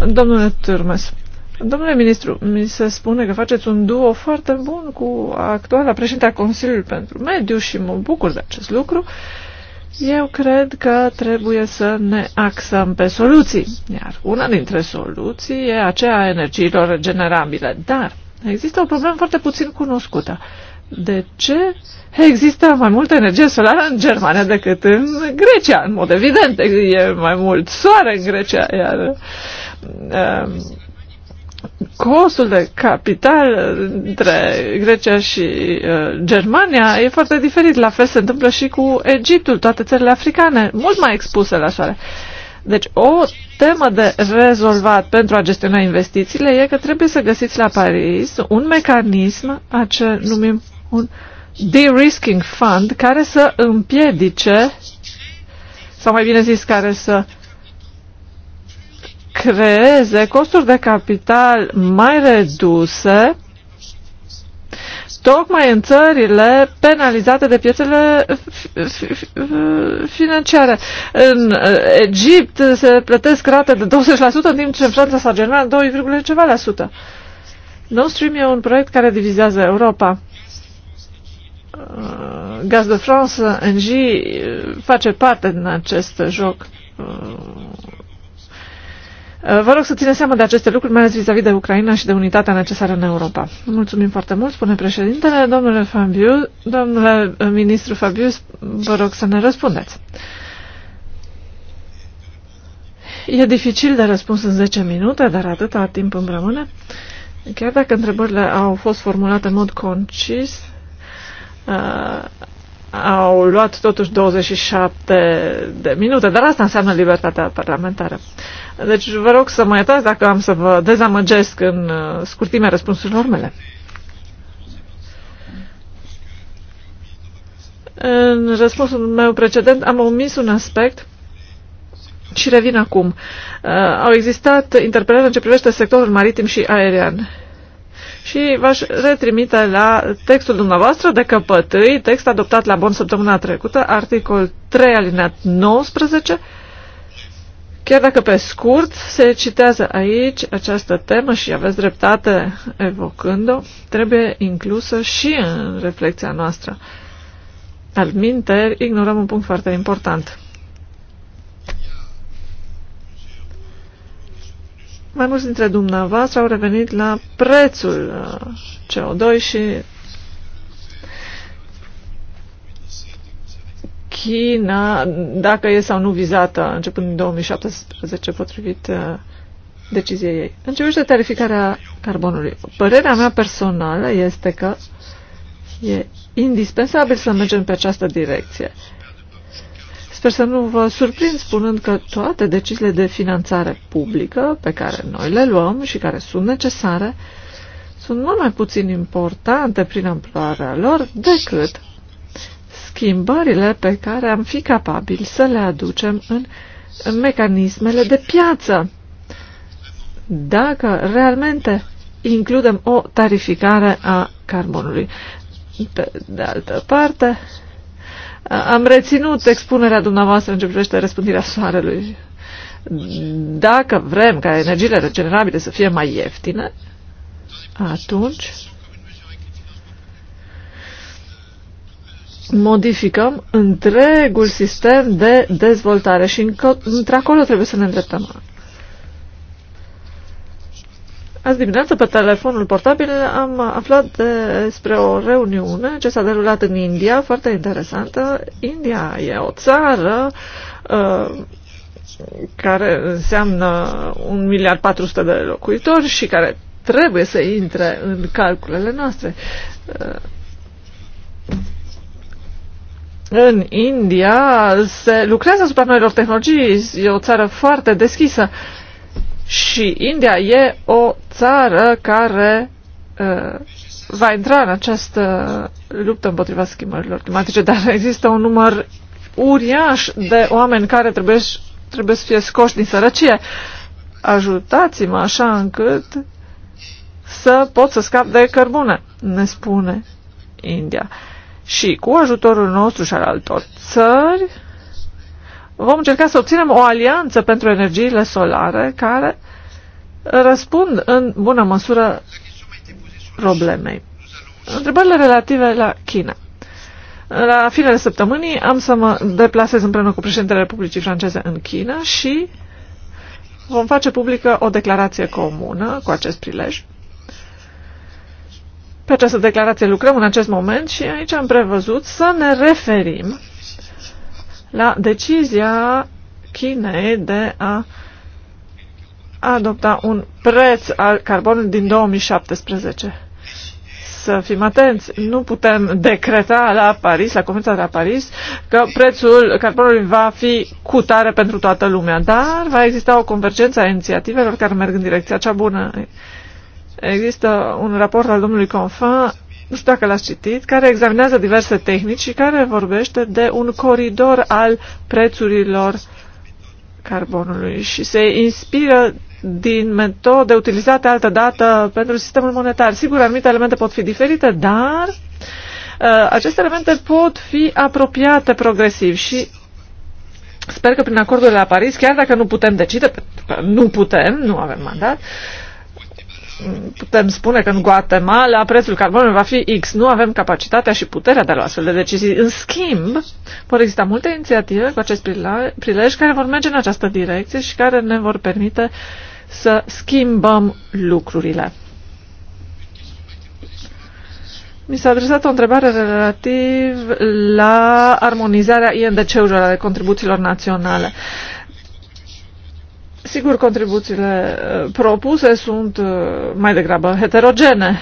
Domnule Turmes, domnule ministru, mi se spune că faceți un duo foarte bun cu actuala președinte a Consiliului pentru Mediu și mă bucur de acest lucru. Eu cred că trebuie să ne axăm pe soluții, iar una dintre soluții e aceea a energiilor regenerabile. Dar există o problemă foarte puțin cunoscută de ce există mai multă energie solară în Germania decât în Grecia. În mod evident, e mai mult soare în Grecia, iar um, costul de capital între Grecia și uh, Germania e foarte diferit. La fel se întâmplă și cu Egiptul, toate țările africane, mult mai expuse la soare. Deci o temă de rezolvat pentru a gestiona investițiile e că trebuie să găsiți la Paris un mecanism, a ce numim un de-risking fund care să împiedice, sau mai bine zis, care să creeze costuri de capital mai reduse tocmai în țările penalizate de piețele financiare. În uh, Egipt se plătesc rate de 20%, în timp ce în Franța sau Germania 2, ceva la sută. Nord Stream e un proiect care divizează Europa. Uh, Gaz de France, NG, uh, face parte din acest joc. Uh, vă rog să țineți seama de aceste lucruri, mai ales vis-a-vis -vis de Ucraina și de unitatea necesară în Europa. Mulțumim foarte mult, spune președintele, domnule Fabiu, domnule ministru Fabiu, vă rog să ne răspundeți. E dificil de răspuns în 10 minute, dar atâta timp îmi rămâne. Chiar dacă întrebările au fost formulate în mod concis, Uh, au luat totuși 27 de minute, dar asta înseamnă libertatea parlamentară. Deci vă rog să mă iertați dacă am să vă dezamăgesc în uh, scurtimea răspunsurilor mele. În răspunsul meu precedent am omis un aspect și revin acum. Uh, au existat interpelări în ce privește sectorul maritim și aerian și v-aș retrimite la textul dumneavoastră de căpătâi, text adoptat la Bon săptămâna trecută, articol 3 alineat 19, Chiar dacă pe scurt se citează aici această temă și aveți dreptate evocând-o, trebuie inclusă și în reflexia noastră. Al minteri, ignorăm un punct foarte important. Mai mulți dintre dumneavoastră au revenit la prețul uh, CO2 și China, dacă e sau nu vizată începând din 2017 potrivit uh, deciziei ei. În ce de tarificarea carbonului, părerea mea personală este că e indispensabil să mergem pe această direcție. Sper să nu vă surprind spunând că toate deciziile de finanțare publică pe care noi le luăm și care sunt necesare sunt mult mai puțin importante prin amploarea lor decât schimbările pe care am fi capabili să le aducem în mecanismele de piață. Dacă realmente includem o tarificare a carbonului. Pe de altă parte, am reținut expunerea dumneavoastră în ce privește răspândirea soarelui. Dacă vrem ca energiile regenerabile să fie mai ieftine, atunci modificăm întregul sistem de dezvoltare și într-acolo trebuie să ne îndreptăm. Azi dimineață, pe telefonul portabil, am aflat despre o reuniune ce s-a derulat în India, foarte interesantă. India e o țară uh, care înseamnă 1 miliard 400 de locuitori și care trebuie să intre în calculele noastre. Uh, în India se lucrează asupra noilor tehnologii, e o țară foarte deschisă. Uh, și India e o țară care uh, va intra în această luptă împotriva schimbărilor climatice, dar există un număr uriaș de oameni care trebuie, trebuie să fie scoși din sărăcie. Ajutați-mă așa încât să pot să scap de cărbune, ne spune India. Și cu ajutorul nostru și al altor țări, vom încerca să obținem o alianță pentru energiile solare care răspund în bună măsură problemei. Întrebările relative la China. La finele săptămânii am să mă deplasez împreună cu președintele Republicii Franceze în China și vom face publică o declarație comună cu acest prilej. Pe această declarație lucrăm în acest moment și aici am prevăzut să ne referim la decizia Chinei de a adopta un preț al carbonului din 2017. Să fim atenți, nu putem decreta la Paris, la conferința de la Paris, că prețul carbonului va fi cutare pentru toată lumea, dar va exista o convergență a inițiativelor care merg în direcția cea bună. Există un raport al domnului Confin nu știu dacă l-ați citit, care examinează diverse tehnici și care vorbește de un coridor al prețurilor carbonului și se inspiră din metode utilizate altădată pentru sistemul monetar. Sigur, anumite elemente pot fi diferite, dar uh, aceste elemente pot fi apropiate progresiv și sper că prin acordul de la Paris, chiar dacă nu putem decide, pentru că nu putem, nu avem mandat, uh, putem spune că în Guatemala prețul carbonului va fi X. Nu avem capacitatea și puterea de a lua astfel de decizii. În schimb, vor exista multe inițiative cu acest prilej care vor merge în această direcție și care ne vor permite să schimbăm lucrurile. Mi s-a adresat o întrebare relativ la armonizarea INDC-urilor ale contribuțiilor naționale. Sigur, contribuțiile uh, propuse sunt uh, mai degrabă heterogene.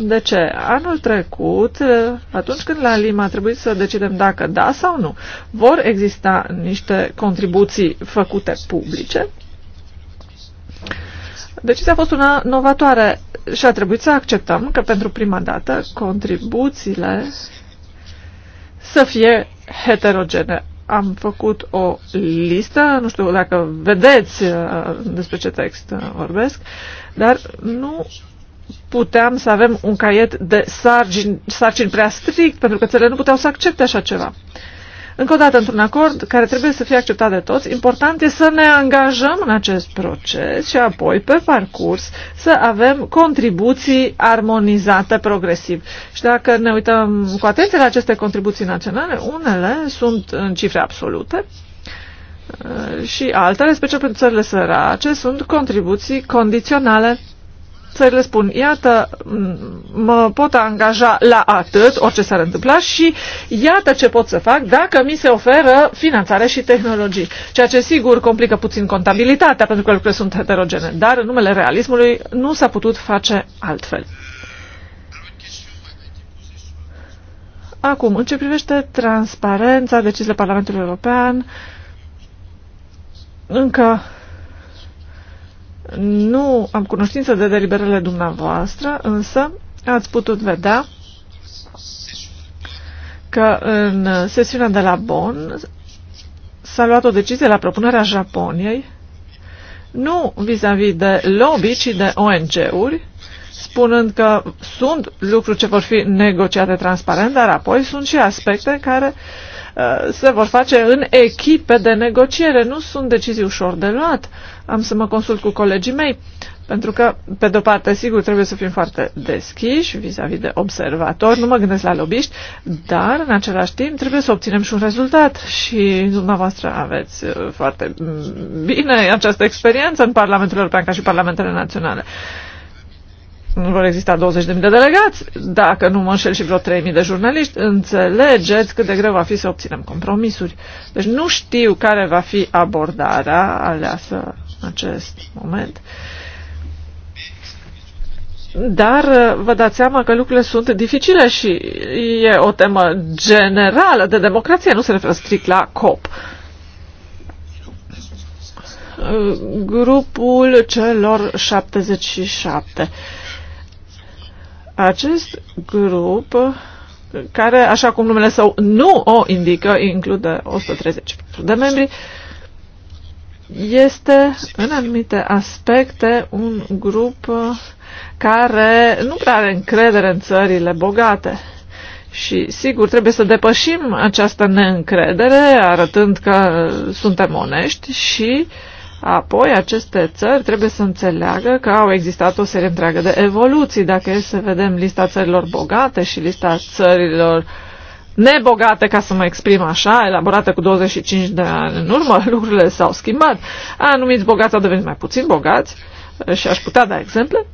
De ce? Anul trecut, uh, atunci când la Lima a trebuit să decidem dacă da sau nu, vor exista niște contribuții făcute publice. Decizia a fost una novatoare și a trebuit să acceptăm că pentru prima dată contribuțiile să fie heterogene am făcut o listă, nu știu dacă vedeți uh, despre ce text uh, vorbesc, dar nu puteam să avem un caiet de sarcini, sarcini prea strict, pentru că țările nu puteau să accepte așa ceva încă o dată, într-un acord care trebuie să fie acceptat de toți, important e să ne angajăm în acest proces și apoi, pe parcurs, să avem contribuții armonizate progresiv. Și dacă ne uităm cu atenție la aceste contribuții naționale, unele sunt în cifre absolute uh, și altele, special pentru țările sărace, sunt contribuții condiționale le spun, iată, mă pot angaja la atât, orice s-ar întâmpla, și iată ce pot să fac dacă mi se oferă finanțare și tehnologii. Ceea ce sigur complică puțin contabilitatea, pentru că lucrurile sunt heterogene, dar în numele realismului nu s-a putut face altfel. Acum, în ce privește transparența deciziilor Parlamentului European, încă nu am cunoștință de deliberele dumneavoastră, însă ați putut vedea că în sesiunea de la Bonn s-a luat o decizie la propunerea Japoniei, nu vis-a-vis -vis de lobby, ci de ONG-uri, spunând că sunt lucruri ce vor fi negociate transparent, dar apoi sunt și aspecte care Uh, se vor face în echipe de negociere. Nu sunt decizii ușor de luat. Am să mă consult cu colegii mei, pentru că, pe de-o parte, sigur, trebuie să fim foarte deschiși vis-a-vis -vis de observatori, nu mă gândesc la lobiști, dar, în același timp, trebuie să obținem și un rezultat. Și dumneavoastră aveți uh, foarte mm, bine această experiență în Parlamentul European ca și Parlamentele Naționale. Uh, nu vor exista 20.000 de delegați, dacă nu mă înșel și vreo 3.000 de jurnaliști, înțelegeți cât de greu va fi să obținem compromisuri. Deci nu știu care va fi abordarea aleasă în acest moment. Dar uh, vă dați seama că lucrurile sunt dificile și e o temă generală de democrație, nu se referă strict la COP uh, grupul celor 77. Acest grup, care, așa cum numele său nu o indică, include 130 de membri, este în anumite aspecte un grup care nu prea are încredere în țările bogate. Și sigur, trebuie să depășim această neîncredere, arătând că suntem onești și uh, Apoi, aceste țări trebuie să înțeleagă că au existat o serie întreagă de evoluții. Dacă e să vedem lista țărilor bogate și lista țărilor nebogate, ca să mă exprim așa, elaborată cu 25 de ani în urmă, lucrurile s-au schimbat. Anumiți bogați au devenit mai puțin bogați eh, și aș putea da exemple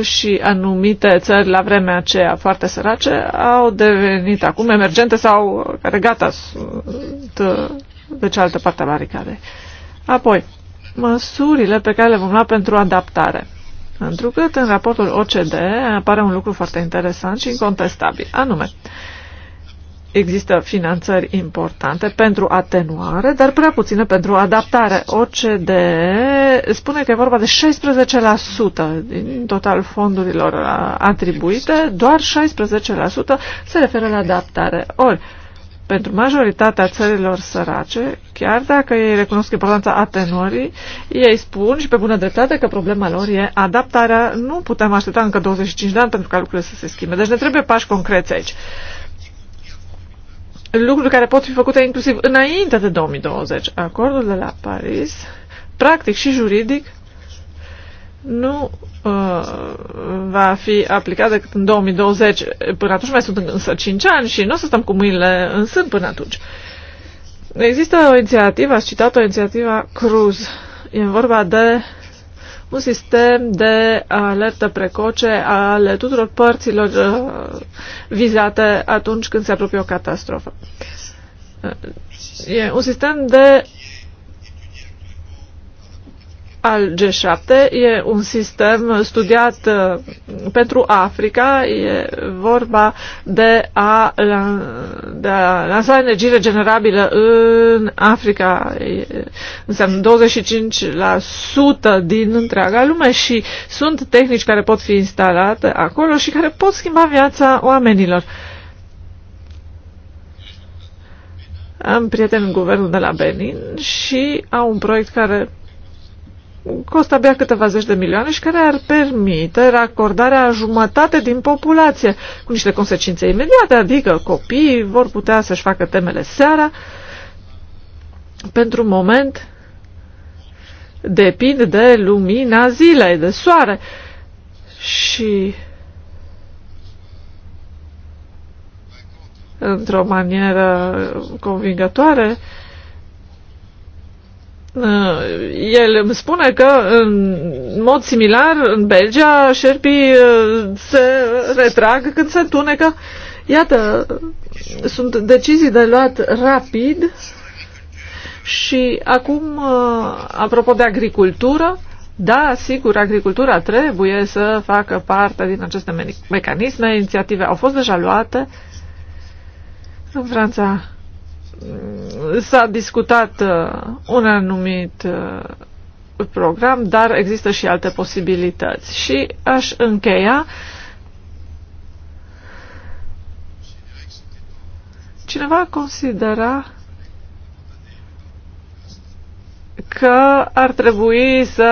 și anumite țări la vremea aceea foarte sărace au devenit acum emergente sau care gata sunt pe cealaltă parte a baricadei. Apoi, măsurile pe care le vom lua pentru adaptare. Pentru că în raportul OCD apare un lucru foarte interesant și incontestabil, anume, există finanțări importante pentru atenuare, dar prea puține pentru adaptare. OCD spune că e vorba de 16% din total fondurilor atribuite, doar 16% se referă la adaptare. Ori, pentru majoritatea țărilor sărace, chiar dacă ei recunosc importanța atenuării, ei spun și pe bună dreptate că problema lor e adaptarea. Nu putem aștepta încă 25 de ani pentru ca lucrurile să se schimbe. Deci ne trebuie pași concreți aici. Lucruri care pot fi făcute inclusiv înainte de 2020. Acordul de la Paris, practic și juridic, nu uh, va fi aplicat decât în 2020. Până atunci mai sunt însă 5 ani și nu o să stăm cu mâinile în sân până atunci. Există o inițiativă, ați citat o inițiativă Cruz. E vorba de un sistem de alertă precoce ale tuturor părților uh, vizate atunci când se apropie o catastrofă. Uh, e un sistem de al G7. E un sistem studiat uh, pentru Africa. E vorba de a, de a lansa energie regenerabilă în Africa. E, înseamnă 25% din întreaga lume și sunt tehnici care pot fi instalate acolo și care pot schimba viața oamenilor. Am prieteni în guvernul de la Benin și au un proiect care costă abia câteva zeci de milioane și care ar permite acordarea jumătate din populație, cu niște consecințe imediate, adică copiii vor putea să-și facă temele seara. Pentru moment depind de lumina zilei, de soare. Și într-o manieră convingătoare, uh, Uh, el îmi spune că în mod similar în Belgia șerpii uh, se retrag când se întunecă. Iată, sunt decizii de luat rapid și acum, uh, apropo de agricultură, da, sigur, agricultura trebuie să facă parte din aceste mecanisme, inițiative au fost deja luate în Franța s-a discutat uh, un anumit uh, program, dar există și alte posibilități. Și aș încheia cineva considera că ar trebui să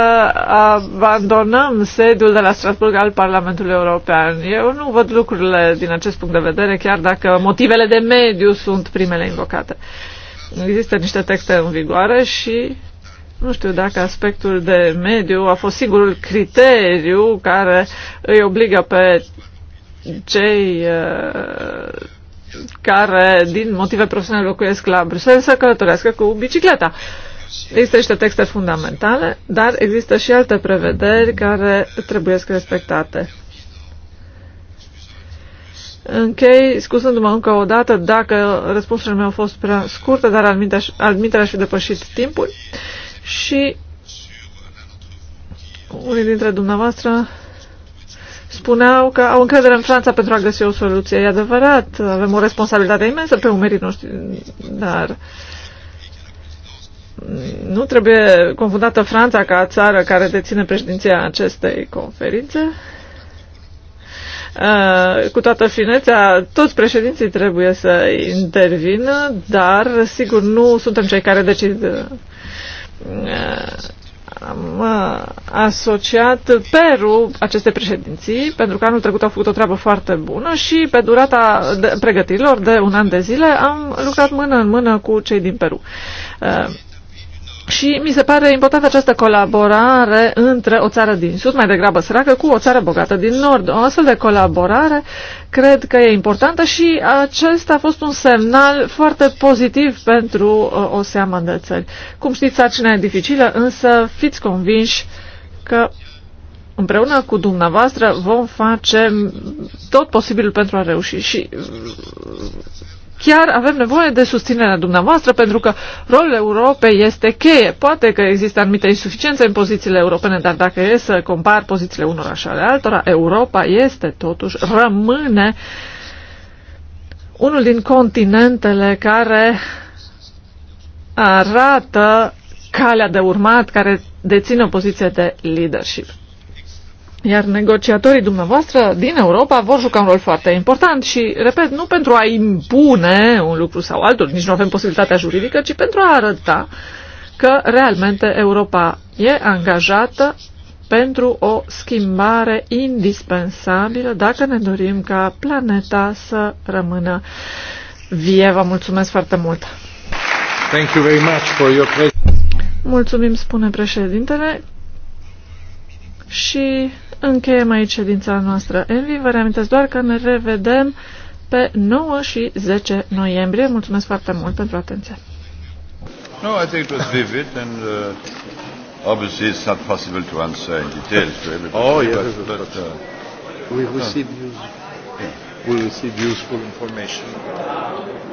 abandonăm sediul de la Strasburg al Parlamentului European. Eu nu văd lucrurile din acest punct de vedere, chiar dacă motivele de mediu sunt primele invocate. Există niște texte în vigoare și nu știu dacă aspectul de mediu a fost singurul criteriu care îi obligă pe cei eh, care din motive profesionale locuiesc la Bruxelles să călătorească cu bicicleta. Uh, Există niște texte fundamentale, dar există și alte prevederi care trebuie respectate. Închei, scuzându-mă încă o dată dacă răspunsul meu a fost prea scurtă, dar admiterea și depășit timpul. Și unii dintre dumneavoastră spuneau că au încredere în Franța pentru a găsi o soluție. E adevărat, avem o responsabilitate imensă pe umerii noștri, dar uh, nu trebuie confundată Franța ca țară care deține președinția acestei conferințe. Uh, cu toată finețea, toți președinții trebuie să intervină, dar sigur nu suntem cei care decid uh, am uh, asociat Peru aceste președinții, pentru că anul trecut au făcut o treabă foarte bună și pe durata pregătirilor de un an de zile am lucrat mână în mână cu cei din Peru. Și mi se pare importantă această colaborare între o țară din sud, mai degrabă săracă, cu o țară bogată din nord. O astfel de colaborare cred că e importantă și acesta a fost un semnal foarte pozitiv pentru uh, o seamă de țări. Cum știți, sarcina e dificilă, însă fiți convinși că împreună cu dumneavoastră vom face tot posibilul pentru a reuși și chiar avem nevoie de susținerea dumneavoastră pentru că rolul Europei este cheie. Poate că există anumite insuficiențe în pozițiile europene, dar dacă e să compar pozițiile unora și ale altora, Europa este totuși, rămâne unul din continentele care arată calea de urmat, care deține o poziție de leadership. Iar negociatorii dumneavoastră din Europa vor juca un rol foarte important și, repet, nu pentru a impune un lucru sau altul, nici nu avem posibilitatea juridică, ci pentru a arăta că realmente Europa e angajată pentru o schimbare indispensabilă dacă ne dorim ca planeta să rămână vie. Vă mulțumesc foarte mult! Thank you very much for your Mulțumim, spune președintele, și Încheiem aici ședința noastră Envi. Vă reamintesc doar că ne revedem pe 9 și 10 noiembrie. Mulțumesc foarte mult pentru atenție. No, I think it was vivid and uh, obviously it's not possible to answer in detail to everybody. Oh, yes, but, but, uh, we received, yeah. we received useful information.